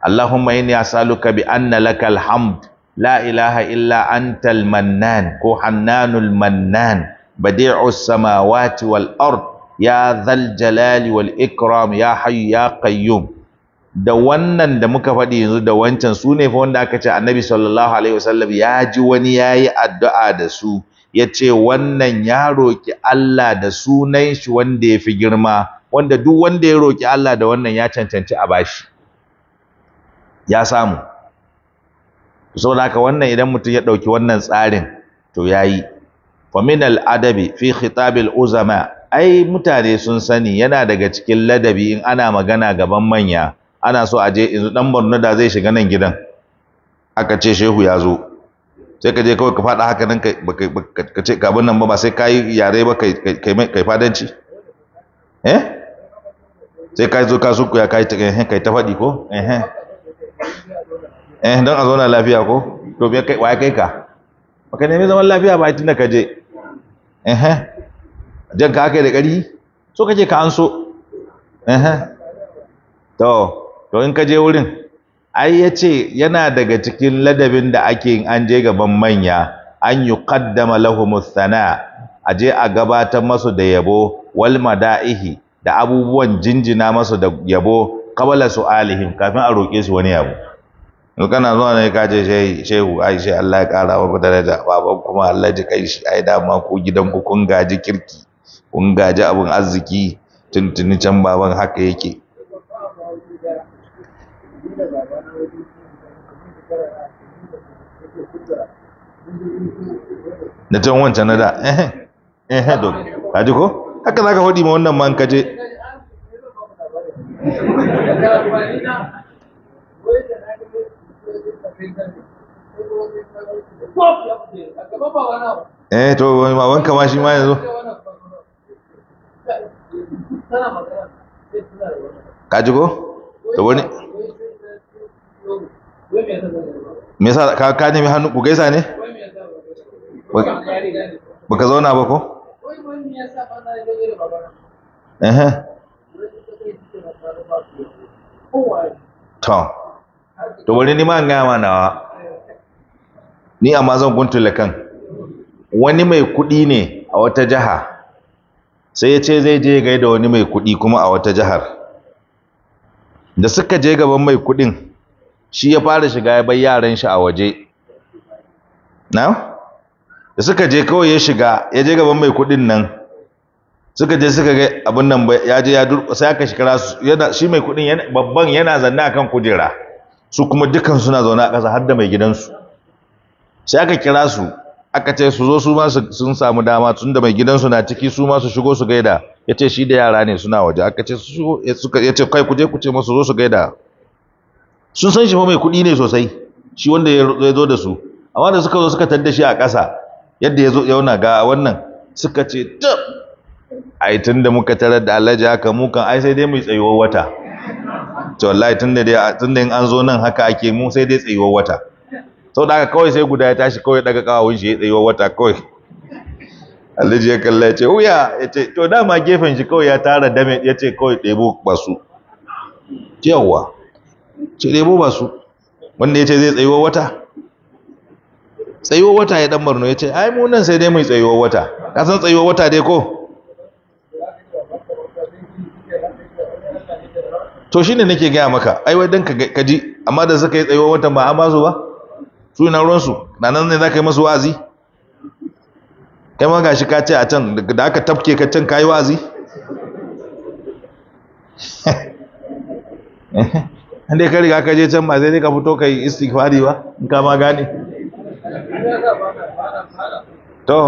A: Allahumma inni as'aluka bi anna lakal hamd la ilaha illa antal mannan ko hannanul mannan badi'us samawati wal ard ya dhal jalali wal ikram ya hayyu ya qayyum da wannan da muka faɗi yanzu da wancan su ne fa wanda aka ce annabi sallallahu alaihi wasallam ya ji wani ya yi addu'a da su ya ce wannan ya roki Allah da sunan shi wanda ya fi girma wanda duk wanda ya roki Allah da wannan ya cancanci a bashi ya samu saboda haka wannan idan mutum ya ɗauki wannan tsarin to yayi fa min adabi fi khitab al uzama ai mutane sun sani yana daga cikin ladabi in ana magana gaban manya ana so a je yanzu dan Borno da zai shiga nan gidan aka ce shehu ya zo sai ka je kawai ka faɗa haka nan ka ce kabin nan ba ba sai ka yi yare ba kai fadanci eh sai ka zo ka sunkuya ka yi ta ehe kai ta faɗi ko ehe eh. eh don a zauna lafiya ko to bai kai waye kai ka baka nemi zaman lafiya ba tunda ka je ehe eh. jan ka kai da ƙari so kake ka an so ehe eh. to to in ka je wurin ai yace yana daga cikin ladabin da ake yin an je gaban manya an yuqaddama lahumus sana aje a gabatar masu da yabo wal mada'ihi da abubuwan jinjina masa da yabo su alihim kafin a roƙe su wani yabo kana zuwa ne ka ce shehu ai sai Allah ya ƙara wa daraja baban kuma Allah ji kai shi ai dama ko gidan ku kun gaji kirki kun gaji abin arziki tuntuni can baban haka yake na can wancan na da ehe ehe don kaji ko haka za ka faɗi ma wannan man kaje eh to ma wanka ma shi ma yanzu ka ji ko to wani me sa ka ka nemi hannu ku gaisa ne baka zauna ba ko to to wani ni ma an gaya ma nawa ni amma zan guntule kan wani mai kuɗi ne a wata jiha sai ya ce zai je gaida wani mai kuɗi kuma a wata jihar da suka je gaban mai kuɗin shi ya fara shiga ya bai yaran shi a waje na da suka je kawai ya shiga ya je gaban mai kuɗin nan suka je suka ga abin nan ba, ya je ya durƙa sai aka shikara yana shi mai kuɗin babban yana zanna akan kujera su kuma dukan suna zaune a ƙasa har da mai gidansu sai aka kira su aka ce su zo su ma sun samu dama tun da mai gidansu na ciki su ma su shigo su gaida ya ce shi da yara ne suna waje aka ce su ya ce kai kuje ku ce masu zo su gaida sun san shi fa mai kuɗi ne sosai shi wanda ya zo da su amma da suka zo suka tadda shi a ƙasa yadda ya zo yauna ga wannan suka ce tab ai tunda muka tarar da alhaji haka mu kan ai sai dai mu tsayuwar wata to wallahi tunda dai tunda in an zo nan haka ake mu sai dai tsayuwar wata sau da haka kawai sai guda ya tashi kawai daga kawawun shi ya tsayuwar wata kawai alhaji ya kalla ya ce wuya ya ce to dama gefen shi kawai ya tara dame ya ce kawai ɗebo basu yawwa ce ɗebo basu wanda ya ce zai tsayuwar wata tsayuwar wata ya dan barno ya ce ai mu nan sai dai mai tsayuwar wata ka san tsayuwar wata dai ko to shine nake gaya maka ai wai dan ka ji amma da suka yi tsayuwar wata ba a ba su ba su ina ruwan su na nan ne zaka yi masu wa'azi kai ma gashi ka ce a can da aka tafke ka can kayi wa'azi [LAUGHS] inda ka riga ka je can ba sai dai ka fito ka istighfari ba in ka ma gane to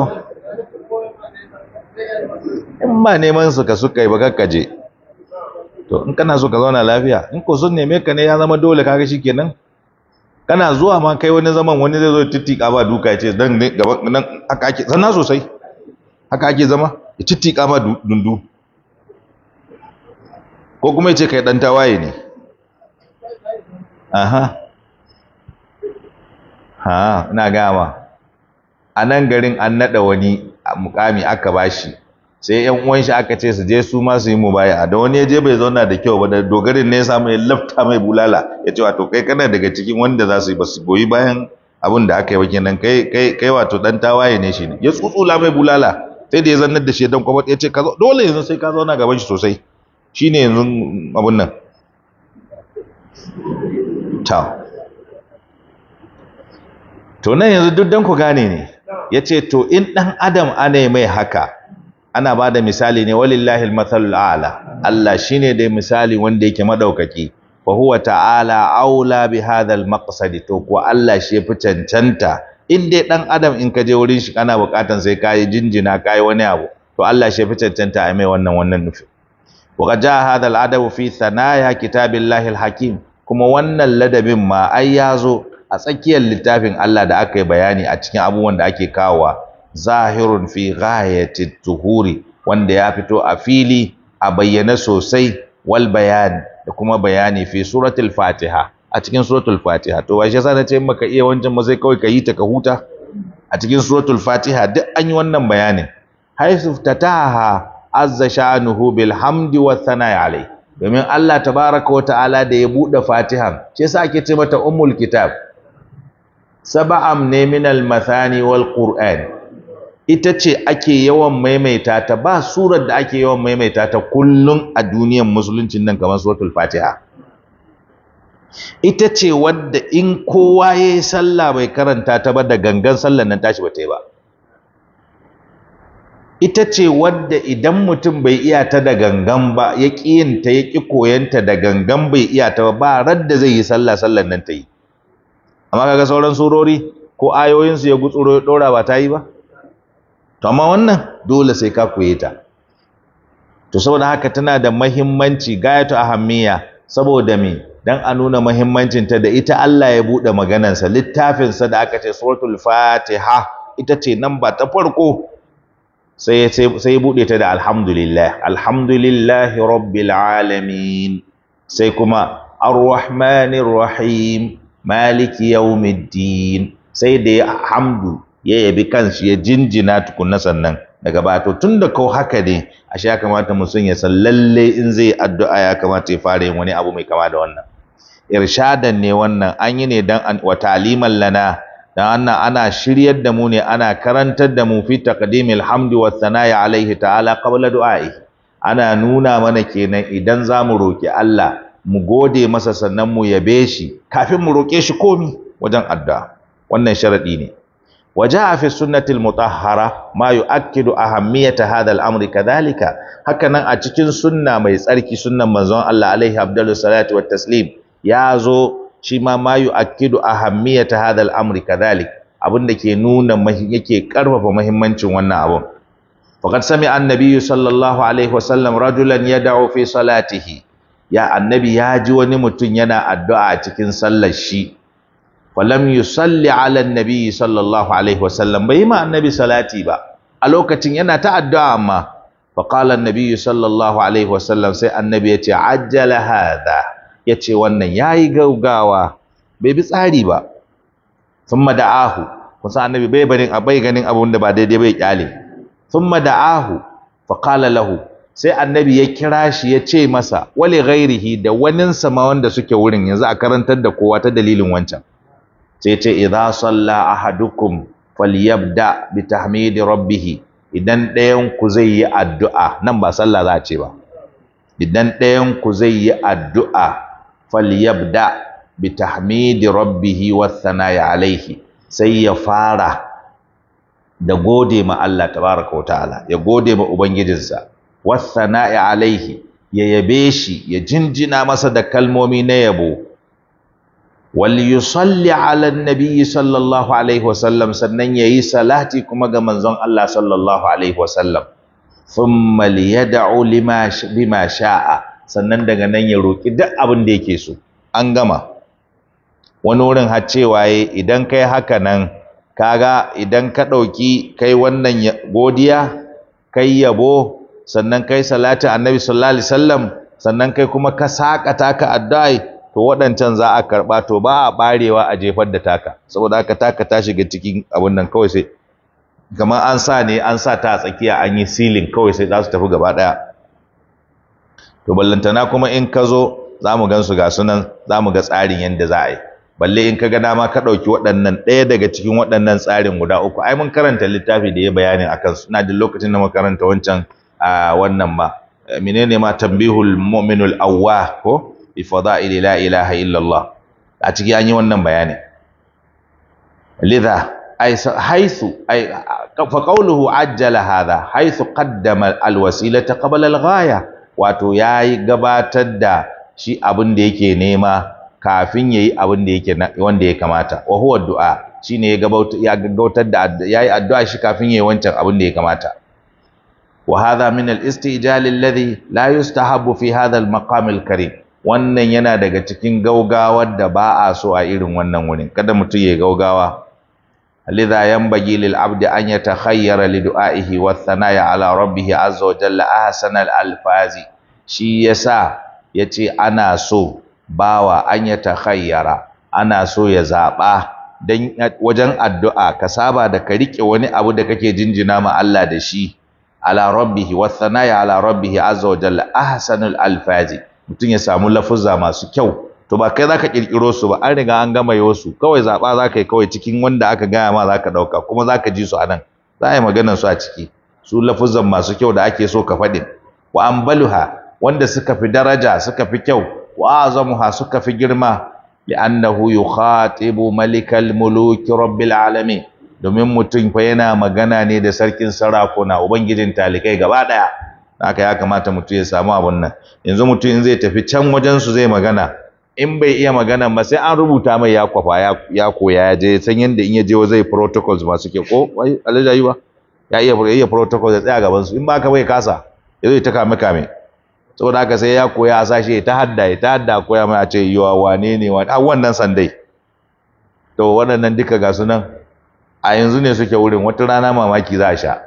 A: in ba neman su ka suka yi ba kakkaje to in kana so ka zauna lafiya in ko sun neme ka ne ya zama dole kaga kenan, kana zuwa ma kai wani zaman wani zai zo tittika ba duka ya ce dan gaban nan haka ake zana sosai haka ake zama ya tittika ba dundu ko kuma ya ce kai dan tawaye ne aha ha ina gama a nan garin an naɗa wani mukami aka bashi sai yan uwan shi aka ce su je su ma su yi baya. da wani ya je bai zauna da kyau ba da dogarin ne ya samu ya lafta mai bulala ya ce wato kai kana daga cikin wanda za su yi ba su goyi bayan abin da aka yi ba kenan kai kai kai wato dan tawaye ne shi ne ya tsutsula mai bulala sai da ya zannar da shi dan kwabat ya ce ka dole yanzu sai ka zauna gaban shi sosai shine yanzu abun nan ta to nan yanzu duk dan ku gane ne yace to in ɗan adam ana mai haka ana ba da misali ne walillahi almathalul a'la Allah shine dai misali wanda yake maɗaukaki. fa huwa ta'ala aula bi hadha almaqsad to kuwa Allah shi fi cancanta in dai dan adam in ka je wurin shi kana bukatan sai kai jinjina kai wani abu to Allah shi fi cancanta a mai wannan wannan nufi wa qad jaa hadha fi thanaya kitabillahi alhakim kuma wannan ladabin ma ai ya zo. a tsakiyar littafin Allah da aka yi bayani a cikin abubuwan da ake kawowa zahirun fi ghayati tuhuri wanda ya fito a fili a bayyana sosai wal bayan da kuma bayani fi suratul fatiha a cikin suratul fatiha to wai yasa na ce maka iya wancan ma sai kawai ka yi ta ka huta a cikin suratul fatiha duk an yi wannan bayanin haisu tataha azza sha'nuhu bil hamdi wa thana'i alai domin Allah tabaraka wa ta'ala da ya buɗe fatihan shi yasa ake ce mata ummul kitab sab'am ne min al-mathani wal qur'an ita ce ake yawan maimaita ta ba surar da ake yawan maimaita ta kullum a duniyar musuluncin nan kamar suratul fatiha ita ce wadda in kowa ya yi sallah bai karanta ta ba da gangan sallar nan tashi ba ta yi ba ita ce wadda idan mutum bai iya ta da gangan ba ya ƙi yinta ya ƙi koyanta da gangan bai iya ta ba ba radda zai yi sallah sallar nan ta yi amma kaga sauran surori ko ayoyin su ya gutsuro ya ɗora ba ta yi ba to amma wannan dole sai ka koye ta to saboda haka tana da mahimmanci gayatu ahammiya saboda me dan a nuna mahimmancin ta da ita Allah ya bude maganarsa littafinsa da aka ce suratul fatiha ita ce namba ta farko sai sai bude ta da alhamdulillah alhamdulillahi rabbil alamin sai kuma arrahmanir rahim maliki yawmiddin sai da ya hamdu ya yabi kansu ya jinjina tukunna sannan daga ba tun da ko haka ne a ya kamata sun ya san lalle in zai addu'a ya kamata ya fara yin wani abu mai kama da wannan irshadan ne wannan an yi ne dan wa taliman lana dan anna ana shiryar da mu ne ana karantar da mu fi taqdimil hamdi wa sanaya alaihi ta'ala qabla du'a'i ana nuna mana kenan idan zamu roki Allah mu gode masa sannan mu yabe shi kafin mu roƙe shi komi wajen addu'a wannan sharadi ne وجاء في السنة المطهرة ما يؤكد أهمية هذا الأمر كذلك هكذا أتكين سنة ما يسألك سنة مزون الله عليه أبدال الصلاة والتسليم يازو شما ما يؤكد أهمية هذا الأمر كذلك أبن دكي نونا يكي كرفة مهمنش وانا أبن فقد سمع النبي صلى الله عليه وسلم رجلا يدعو في صلاته ya annabi ya ji wani mutum yana addu'a a cikin sallar shi falam yusalli ala annabi sallallahu alaihi wasallam bai yi ma annabi salati ba a lokacin yana ta addu'a amma fa qala annabi sallallahu alaihi wasallam sai annabi ya ce ajjala hadha ya ce wannan ya yi gaugawa bai bi tsari ba thumma da'ahu kun annabi bai ganin abun da ba daidai bai ƙyale. thumma da'ahu fa lahu sai annabi ya kira shi ya ce masa wale ghairihi da wani sama wanda suke wurin yanzu a karantar da kowa ta dalilin wancan sai ce idza salla ahadukum falyabda bi tahmidi rabbih idan ɗayan ku zai yi addu'a nan ba salla za a ce ba idan ɗayan ku zai yi addu'a falyabda bi tahmidi rabbih wa thanaya alaihi sai ya fara da gode ma Allah tabaraka wa ta'ala ya gode ma ubangijinsa wasana'i alaihi ya yabe shi ya jinjina masa da kalmomi na yabo wal yusalli ala nabiyyi sallallahu alaihi wasallam sannan yayi salati kuma ga manzon Allah sallallahu alaihi wasallam thumma liyad'u lima bima sha'a sannan daga nan ya roki duk abin da yake so an gama wani wurin har cewa idan kai haka nan kaga idan ka ɗauki kai wannan godiya kai yabo sannan kai salati annabi sallallahu alaihi wasallam sannan kai kuma ka sakata ka addu'a to waɗancan za a karɓa to ba a ɓarewa a jefar da taka saboda haka taka ta shiga cikin abin nan kawai sai kamar an sa ne an sa ta a tsakiya an yi silin kawai sai za su tafi gaba ɗaya to ballantana kuma in ka zo za mu gan su ga sunan za mu ga tsarin yadda za a yi balle in ka ga dama ka ɗauki waɗannan ɗaya daga cikin waɗannan tsarin guda uku ai mun karanta littafi da ya bayani akan su ina da lokacin da karanta wancan wannan ba. Eh, menene ma tambihul mu'minul awwa ko bi fada'ili la ilaha illa Allah? a ciki an yi wannan bayani lidha ay haythu ay fa qawluhu ajjala hadha haythu qaddama wasilata qabla ghaya wato yayi gabatar da shi abin da yake nema kafin yayi abin da yake wanda ya kamata wa huwa du'a shine ya gabatar da yayi addu'a shi kafin yayi wancan abin da ya kamata وهذا من الاستئجال الذي لا يستحب في هذا المقام الكريم wannan yana daga cikin gaugawar da ba a so a irin wannan wurin kada mutum ya gaugawa lidha yanbaghi lil abdi an yatakhayyara li du'aihi wa thanaya ala rabbih azza wa jalla ahsana al alfazi shi yasa yace ana so bawa an yatakhayyara ana so ya zaba dan wajen addu'a ka saba da ka rike wani abu da kake jinjina ma Allah da shi ala rabbihi wa thanaya ala rabbihi azza wa jalla ahsanul alfazi mutum ya samu lafuzza masu kyau to ba kai zaka kirkiro su ba an riga an gama yi su kawai zaba zaka yi kawai cikin wanda aka gaya ma zaka dauka kuma zaka ji su anan za a yi maganar su a ciki su lafuzzan masu kyau da ake so ka faɗi. wa ambaluha wanda suka fi daraja suka fi kyau wa azamuha suka fi girma li'annahu yukhatibu malikal muluki rabbil alamin domin mutum fa yana magana ne da sarkin sarakuna ubangijin talikai gaba daya haka ya kamata mutum ya samu abun nan yanzu mutum in zai tafi can wajen su zai magana in bai iya magana ba sai an rubuta mai ya kwafa ya koya ya je san yanda in ya je zai protocols masu suke ko wai yi ba ya iya iya protocols ya tsaya gaban su in ba ka bai kasa ya zo ta kame kame saboda haka sai ya koya a sashe ta hadda ya ta hadda koya mai a ce yiwa wane ne wani a wannan sandai to waɗannan duka ga su nan a yanzu ne suke wurin wata rana mamaki za a sha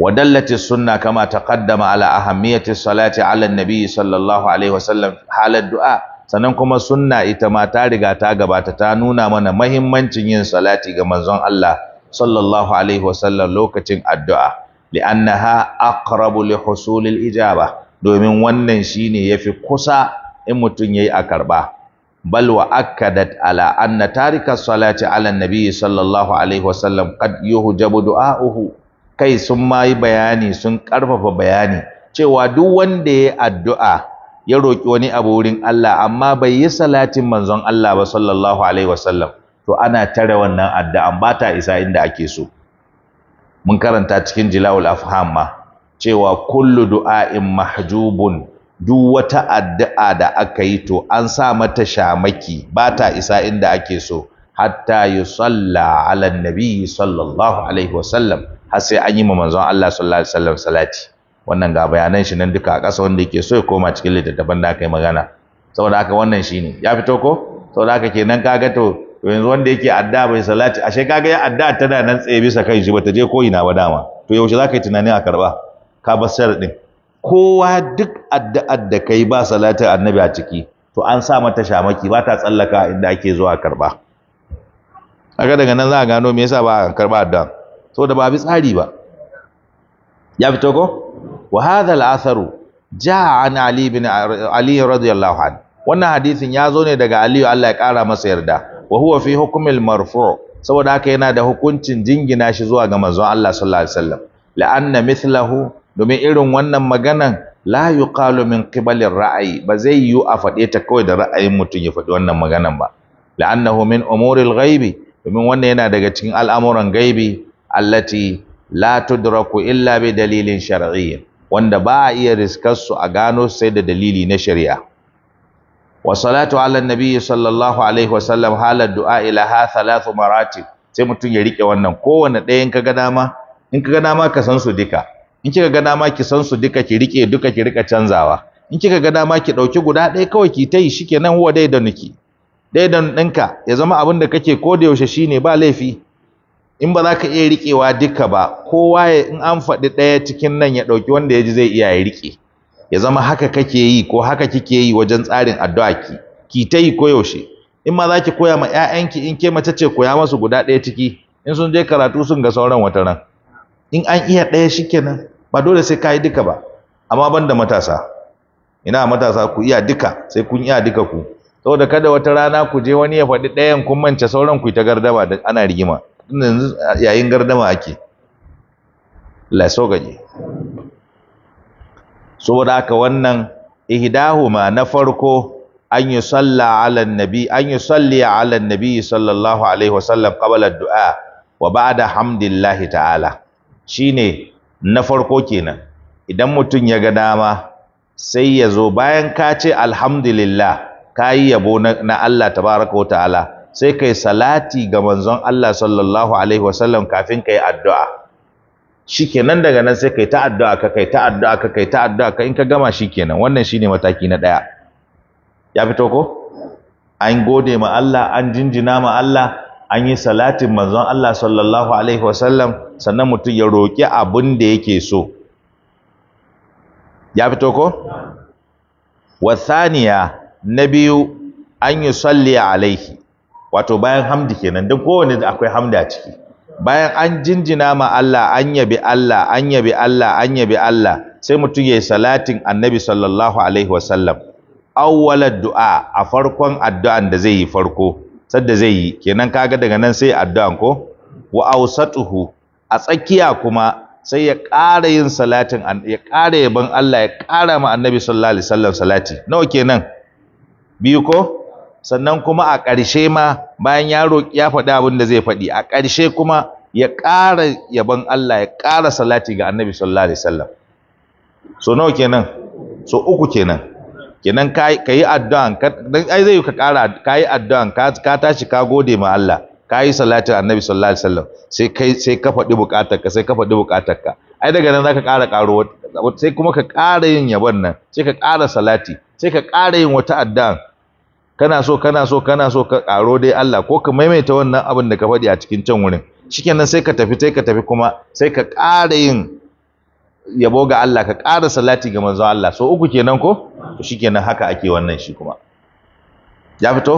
A: Wadallaci السنة كما تقدم على أهمية الصلاة على النبي صلى الله عليه وسلم حال sannan kuma sunna ita ma ta riga ta gabata ta nuna mana mahimmancin yin salati ga manzon Allah sallallahu alaihi wasallam lokacin addu'a li'annaha aqrabu li husulil ijaba domin wannan shine yafi kusa in mutun yayi a karba بل وأكدت على أن تارك الصلاة على النبي صلى الله عليه وسلم قد يهجب دعاؤه kai sun ma bayani sun ƙarfafa bayani cewa duk wanda ya addu'a ya roƙi wani abu wurin Allah amma bai yi salatin manzon Allah ba sallallahu alaihi wasallam to ana tare wannan addu'an ba ta isa inda ake so mun karanta cikin jilawul afham ma cewa kullu du'a'in mahjubun duk wata addu'a da aka yi to an sa mata shamaki ba ta isa inda ake so hatta yi yusalla ala nabi sallallahu alaihi wasallam har sai an yi ma manzon Allah sallallahu alaihi wasallam salati wannan ga bayanan shi nan duka a ƙasa wanda yake so ya koma cikin littattafan da aka yi magana saboda haka wannan shi ne. ya fito ko saboda haka kenan kaga to yanzu wanda yake adda bai salati ashe kaga ya adda tana nan tsaye bisa kai shi bata je ko ina ba dama to yaushe zaka yi tunani a karba ka bar sharadin kowa duk addu'ar da kai ba salatin annabi a ciki to an sa mata shamaki ba ta tsallaka inda ake zuwa karba aka daga nan za a gano me yasa ba a karba addu'a saboda ba bi tsari ba ya fito ko wa hadha al-atharu jaa an ali bin ali radiyallahu anhu wannan hadisin ya zo ne daga Aliyu Allah ya kara masa yarda wa huwa fi al marfu saboda haka yana da hukuncin jingina shi zuwa ga manzon Allah sallallahu alaihi wasallam la'anna mithlahu domin irin wannan maganan la yuqalu min qibalir ra'ayi ba zai yiwu a faɗe ta kawai da ra'ayin mutum ya faɗi wannan maganan ba la'annahu min umuril ghaibi domin wannan yana daga cikin al'amuran gaibi allati la tudraku illa bi dalilin shar'iyyin wanda ba a iya riskar su a gano sai da dalili na shari'a wa salatu ala nabiyyi sallallahu alaihi wa sallam du'a ila ha thalathu sai mutum ya rike wannan kowanne ɗaya in kaga dama in kaga dama ka san su duka in kika ga dama ki san su duka ki rike duka ki rika canzawa in kika ga dama ki dauki guda ɗaya kawai ki tayi shikenan huwa dai da nuki dai da ɗinka ya zama abin da kake ko da yaushe shine ba laifi in ba za ka iya rikewa duka ba kowa ya in an faɗi ɗaya cikin nan ya ɗauki wanda ya ji zai iya ya rike ya zama haka kake yi ko haka kike yi wajen tsarin addu'a ki ki tai ko yaushe in ma za ki koya ma 'ya'yanki in ke mace ce koya masu guda ɗaya ciki in sun je karatu sun ga sauran wata ran in an iya ɗaya shikenan ba dole sai ka yi duka ba amma ban da matasa ina matasa ku iya duka sai kun iya duka ku saboda kada wata rana ku je wani ya faɗi ɗayan kun mance sauran ku ta gardama da ana rigima yanzu yayin gardama ake la so gaje saboda haka wannan ihdahuma na farko an yi salla ala nabi an yi salli ala nabi sallallahu alaihi wasallam qabla du'a wa ba'da hamdillahi ta'ala shine na farko kenan idan mutum ya ga dama sai ya zo bayan ka ce alhamdulillah ka yi yabo na Allah tabaraka wa ta'ala sai kai salati ga manzon Allah sallallahu alaihi wasallam kafin kai addu'a shikenan daga nan sai kai ta addu'a ka kai ta addu'a ka kai ta addu'a ka in ka gama shikenan wannan shine mataki na daya ya fito ko an gode ma Allah an jinjina ma Allah an yi salatin manzon Allah sallallahu alaihi wasallam sannan mutum ya roƙi abin da yake so ya fito ko wasaniya na biyu an yi salli alaihi wato bayan hamdi kenan don kowane da akwai hamda ciki bayan an jinjina ma Allah an yabi Allah an yabi Allah an yabi Allah sai mutum ya yi salatin annabi sallallahu alaihi wasallam awwalar du'a a farkon addu'an da zai yi farko sadda zai yi kenan kaga daga nan sai addu'an ko wa awsatuhu a tsakiya kuma sai ya ƙara yin salatin ya ƙara yaban Allah ya ƙara ma annabi sallallahu alaihi wasallam salati nawa kenan biyu ko sannan kuma a ƙarshe ma bayan ya roƙi ya faɗi abin da zai faɗi a ƙarshe kuma ya ƙara yaban Allah ya ƙara salati ga annabi sallallahu alaihi wasallam so nawa kenan so uku kenan kenan ka yi addu'an ai zai ka ƙara ka yi addu'an ka tashi ka gode ma Allah ka yi salatin annabi sallallahu alaihi wasallam sai kai sai ka faɗi buƙatarka sai ka faɗi buƙatarka ai daga nan zaka ƙara ƙaro sai kuma ka ƙara yin yabon nan sai ka ƙara salati sai ka ƙara yin wata addu'an kana so kana so kana so ka ƙaro dai Allah ko ka maimaita wannan abin da ka faɗi a cikin can wurin shikenan sai ka tafi sai ka tafi kuma sai ka ƙara yin yabo ga Allah ka ƙara salati ga manzon Allah so uku kenan ko shikenan haka ake wannan shi kuma ya fito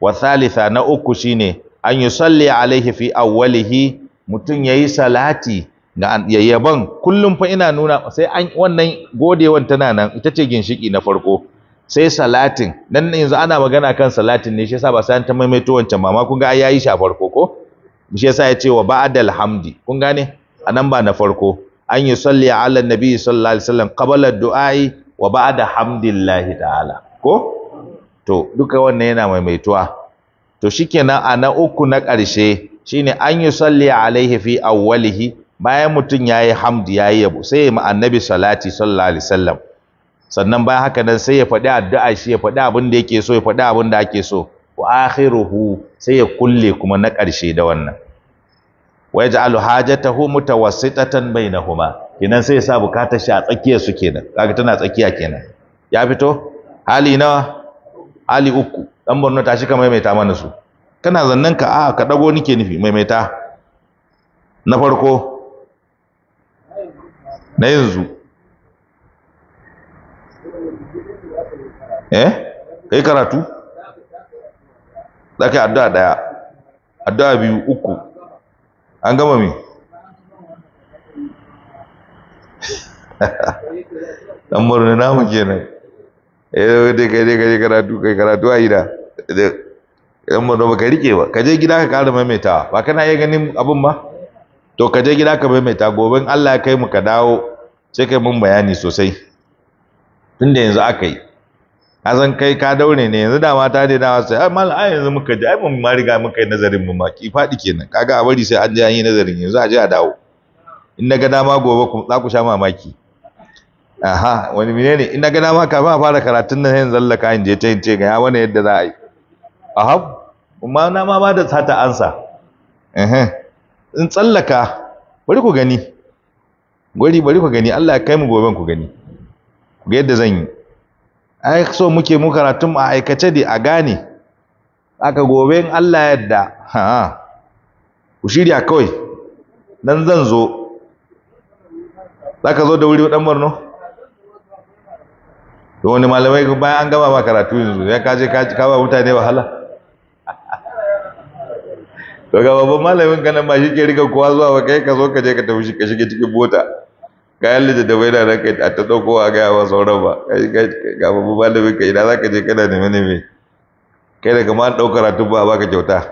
A: wa thalitha na uku shine an yusalli alaihi fi awwalihi mutun yayi salati ga yayyaban kullum fa ina nuna sai an wannan godewan tana nan ita ce ginshiki na farko sai salatin dan yanzu ana magana kan salatin ne shi yasa ba sai an ta maimaito wancan mama kun ga yayi shi a farko ko shi yasa ya ce wa ba'dal hamdi kun gane anan ba na farko an salli ala nabi sallallahu alaihi wasallam qabala du'ai wa ba'da hamdillahi ta'ala ko to duka wannan yana maimaituwa to shikenan a na uku na ƙarshe shine an salli alaihi fi awwalihi bayan mutum yayi hamdi yayi yabo sai ya ma annabi salati sallallahu alaihi wasallam sannan bayan haka nan sai ya faɗi addu'a shi ya faɗi abin da yake so ya faɗi abin da ake so wa akhiruhu sai ya kulle kuma na ƙarshe da wannan wa yaj'alu hajatahu mutawassitatan bainahuma kenan sai ya sa bukatar shi a tsakiyar su kenan kaga tana tsakiya kenan ya fito hali nawa hali uku dan Borno tashi ka maimaita mana su kana zannan ka a ka dago nike nufi maimaita na farko na yanzu eh kai karatu zaka addu'a daya addu'a biyu uku an gama me [LAUGHS] dan murna namu kenan eh dai kai dai karatu kai karatu a gida ɗan murni ba ka riƙe ba ka je gida ka kara maimaitawa ba kana iya ganin abin ba to ka je gida ka maimaita gobin Allah ya kai mu ka dawo sai kai mun bayani sosai tunda yanzu aka yi azan kai ka daure ne yanzu da mata da dawa sai ai mal ai yanzu muka ji ai mun ma riga muka yi nazarin mu ma ki fadi kenan kaga a bari sai an je an yi nazarin yanzu a je a dawo in naga dama gobe ku za ku sha mamaki aha wani menene in naga dama kafin a fara karatun nan yanzu zallaka in je ta yin ce ga ya wani yadda za a yi aha amma na ma ba da sata ansa eh in tsallaka bari ku gani gwari bari ku gani Allah ya kai mu goben ku gani ku ga yadda zan yi ai so muke mu karatun a aikace dai a gane aka gobe in Allah yadda ha ku shirya kawai dan zan zo zaka zo da wuri dan barno to wani malamai bayan an gama ma karatu yanzu ya kaje ka ba mutane wahala [LAUGHS] to ga babban malamin ka nan ba shi ke rika kowa zuwa ba kai ka zo ka je ka tafi shi ka shige cikin bota kayan dabai da nan a ta dauko a gaya wa sauran ba ga babu malamin ka idan zaka je kana neme ne kai da kama ɗau karatu ba baka kyauta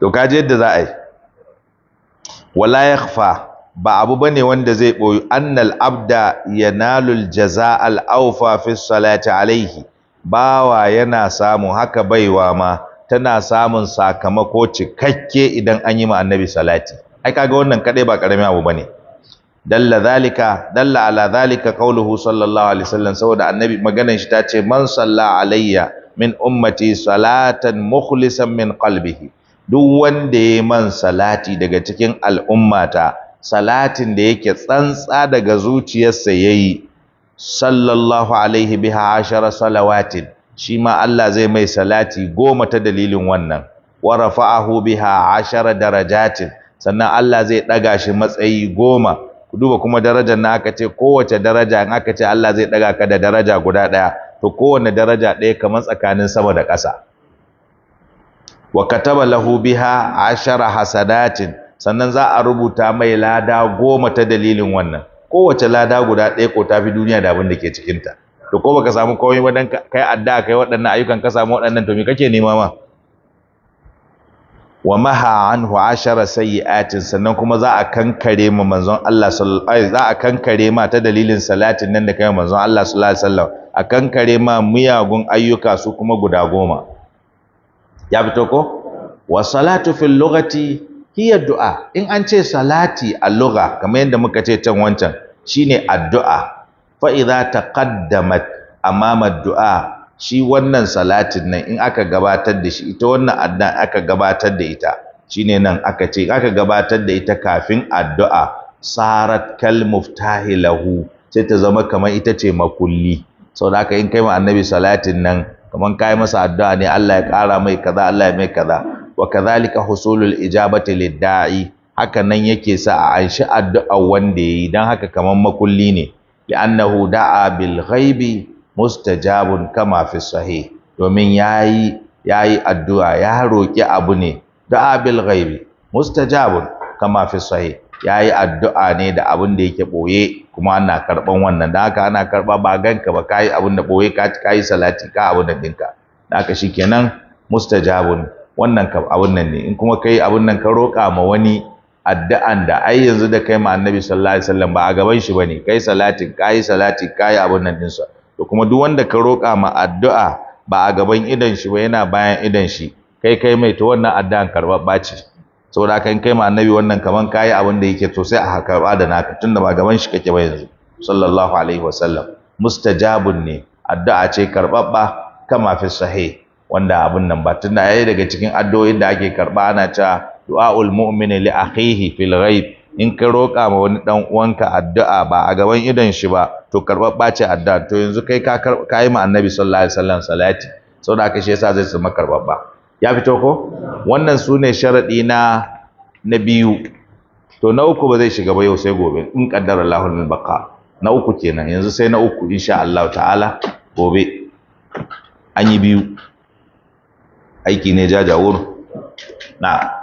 A: to ka je yadda za a yi wala yakhfa ba abu bane wanda zai boyu annal abda yanalul jaza al awfa fi salati alaihi bawa yana samu haka baiwa ma tana samun sakamako cikakke idan an yi ma annabi salati ai kaga wannan kadai ba karamin abu bane dalla zalika dalla ala zalika qauluhu sallallahu alaihi wasallam saboda annabi maganar shi ta ce man salla alayya min ummati salatan mukhlisan min qalbihi duk wanda yayi man salati daga cikin al'ummata salatin da yake tsantsa daga zuciyarsa yayi sallallahu alaihi biha ashara salawatin shi ma Allah zai mai salati goma ta dalilin wannan wa rafa'ahu biha ashara darajatin sannan Allah zai daga shi matsayi goma ku duba kuma darajar na aka ce kowace daraja in aka ce Allah zai daga ka da daraja guda daya to kowanne daraja daya kamar tsakanin sama da ƙasa wa kataba lahu biha ashara hasadatin sannan za a rubuta mai lada goma ta dalilin wannan kowace lada guda ɗaya ko tafi duniya da abin da ke cikinta to ko baka samu komai ba dan kai adda kai waɗannan ayyukan ka samu waɗannan to me kake nema ma wa maha anhu ashara sayyi'atin sannan kuma za a kankare mu manzon Allah sallallahu alaihi za a kankare ma ta dalilin salatin nan da kai manzon Allah sallallahu alaihi wasallam a kankare ma miyagun ayyuka su kuma guda goma ya fito ko wa salatu fil lughati hiya du'a in an ce salati a lugha kamar yadda muka ce can wancan shine addu'a fa idza taqaddamat amama du'a shi wannan salatin nan in aka gabatar da shi ita wannan addu'a aka gabatar da ita shine nan aka ce aka gabatar da ita kafin addu'a sarat kal muftahi lahu sai ta zama kamar ita ce makulli saboda haka in kai ma annabi salatin nan kamar kai masa addu'a ne Allah ya kara mai kaza Allah ya mai kaza wa kadhalika husulul ijabati lidda'i haka nan yake sa a anshi addu'a wanda yayi dan haka kamar makulli ne li'annahu da'a bil ghaibi mustajabun kama fi sahih domin yayi yayi addu'a ya roki abu ne da bil ghaibi mustajabun kama fi sahih yayi addu'a ne da abun da yake boye kuma ana karban wannan da haka ana karba ba ganka ba kai abun da boye ka kai salati ka abun da dinka da haka shikenan mustajabun wannan kam abun nan ne in kuma kai abun nan ka roka ma wani addu'an da ai yanzu da kai ma annabi sallallahu alaihi wasallam ba a gaban shi bane kai salatin kai salati kai abun nan din sa to kuma duk wanda ka roƙa ma addu'a ba a gaban idan shi ba yana bayan idan shi kai kai mai to wannan addu'an karɓar ce saboda kan kai ma annabi wannan kaman kayi abin da yake to sai a karɓa da naka tunda ba gaban shi kake ba yanzu sallallahu alaihi wasallam mustajabun ne addu'a ce karɓaɓɓa kama fi sahih wanda abin nan ba tunda yayi daga cikin addu'o'in da ake karɓa ana cewa du'aul mu'mini li akhihi fil ghaib in ka roƙa ma wani dan uwanka addu'a ba a gaban idon shi ba to karɓar ce addu'a to yanzu kai ka kai yi ma annabi sallallahu alaihi wasallam salati saboda haka shi yasa zai karɓar ba. ya fito ko wannan su ne na na biyu to na uku ba zai shiga ba yau sai gobe in qaddara Allahu min baqa na uku kenan yanzu sai na uku insha Allah ta'ala gobe an yi biyu aiki ne jajawur na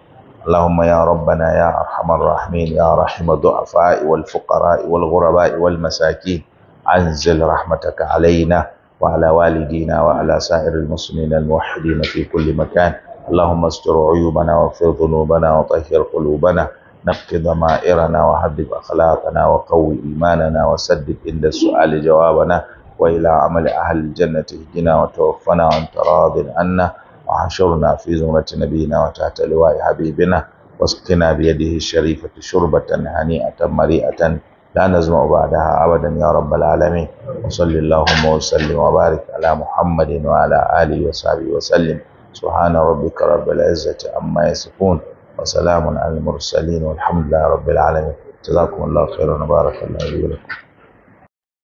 A: اللهم يا ربنا يا أرحم الراحمين يا رحم الضعفاء والفقراء والغرباء والمساكين أنزل رحمتك علينا وعلى والدينا وعلى سائر المسلمين الموحدين في كل مكان اللهم استر عيوبنا واغفر ذنوبنا وطهر قلوبنا نقي ضمائرنا وهذب أخلاقنا وقوي إيماننا وسدد عند السؤال جوابنا وإلى عمل أهل الجنة اهدنا وتوفنا وأنت راض عنا وحشرنا في زمرة نبينا وتحت لواء حبيبنا واسقنا بيده الشريفة شربة هنيئة مريئة لا نزمع بعدها أبدا يا رب العالمين وصل اللهم وسلم وبارك على محمد وعلى آله وصحبه وسلم سبحان ربك رب العزة عما يصفون وسلام على المرسلين والحمد لله رب العالمين جزاكم الله خيرا
B: وبارك الله فيكم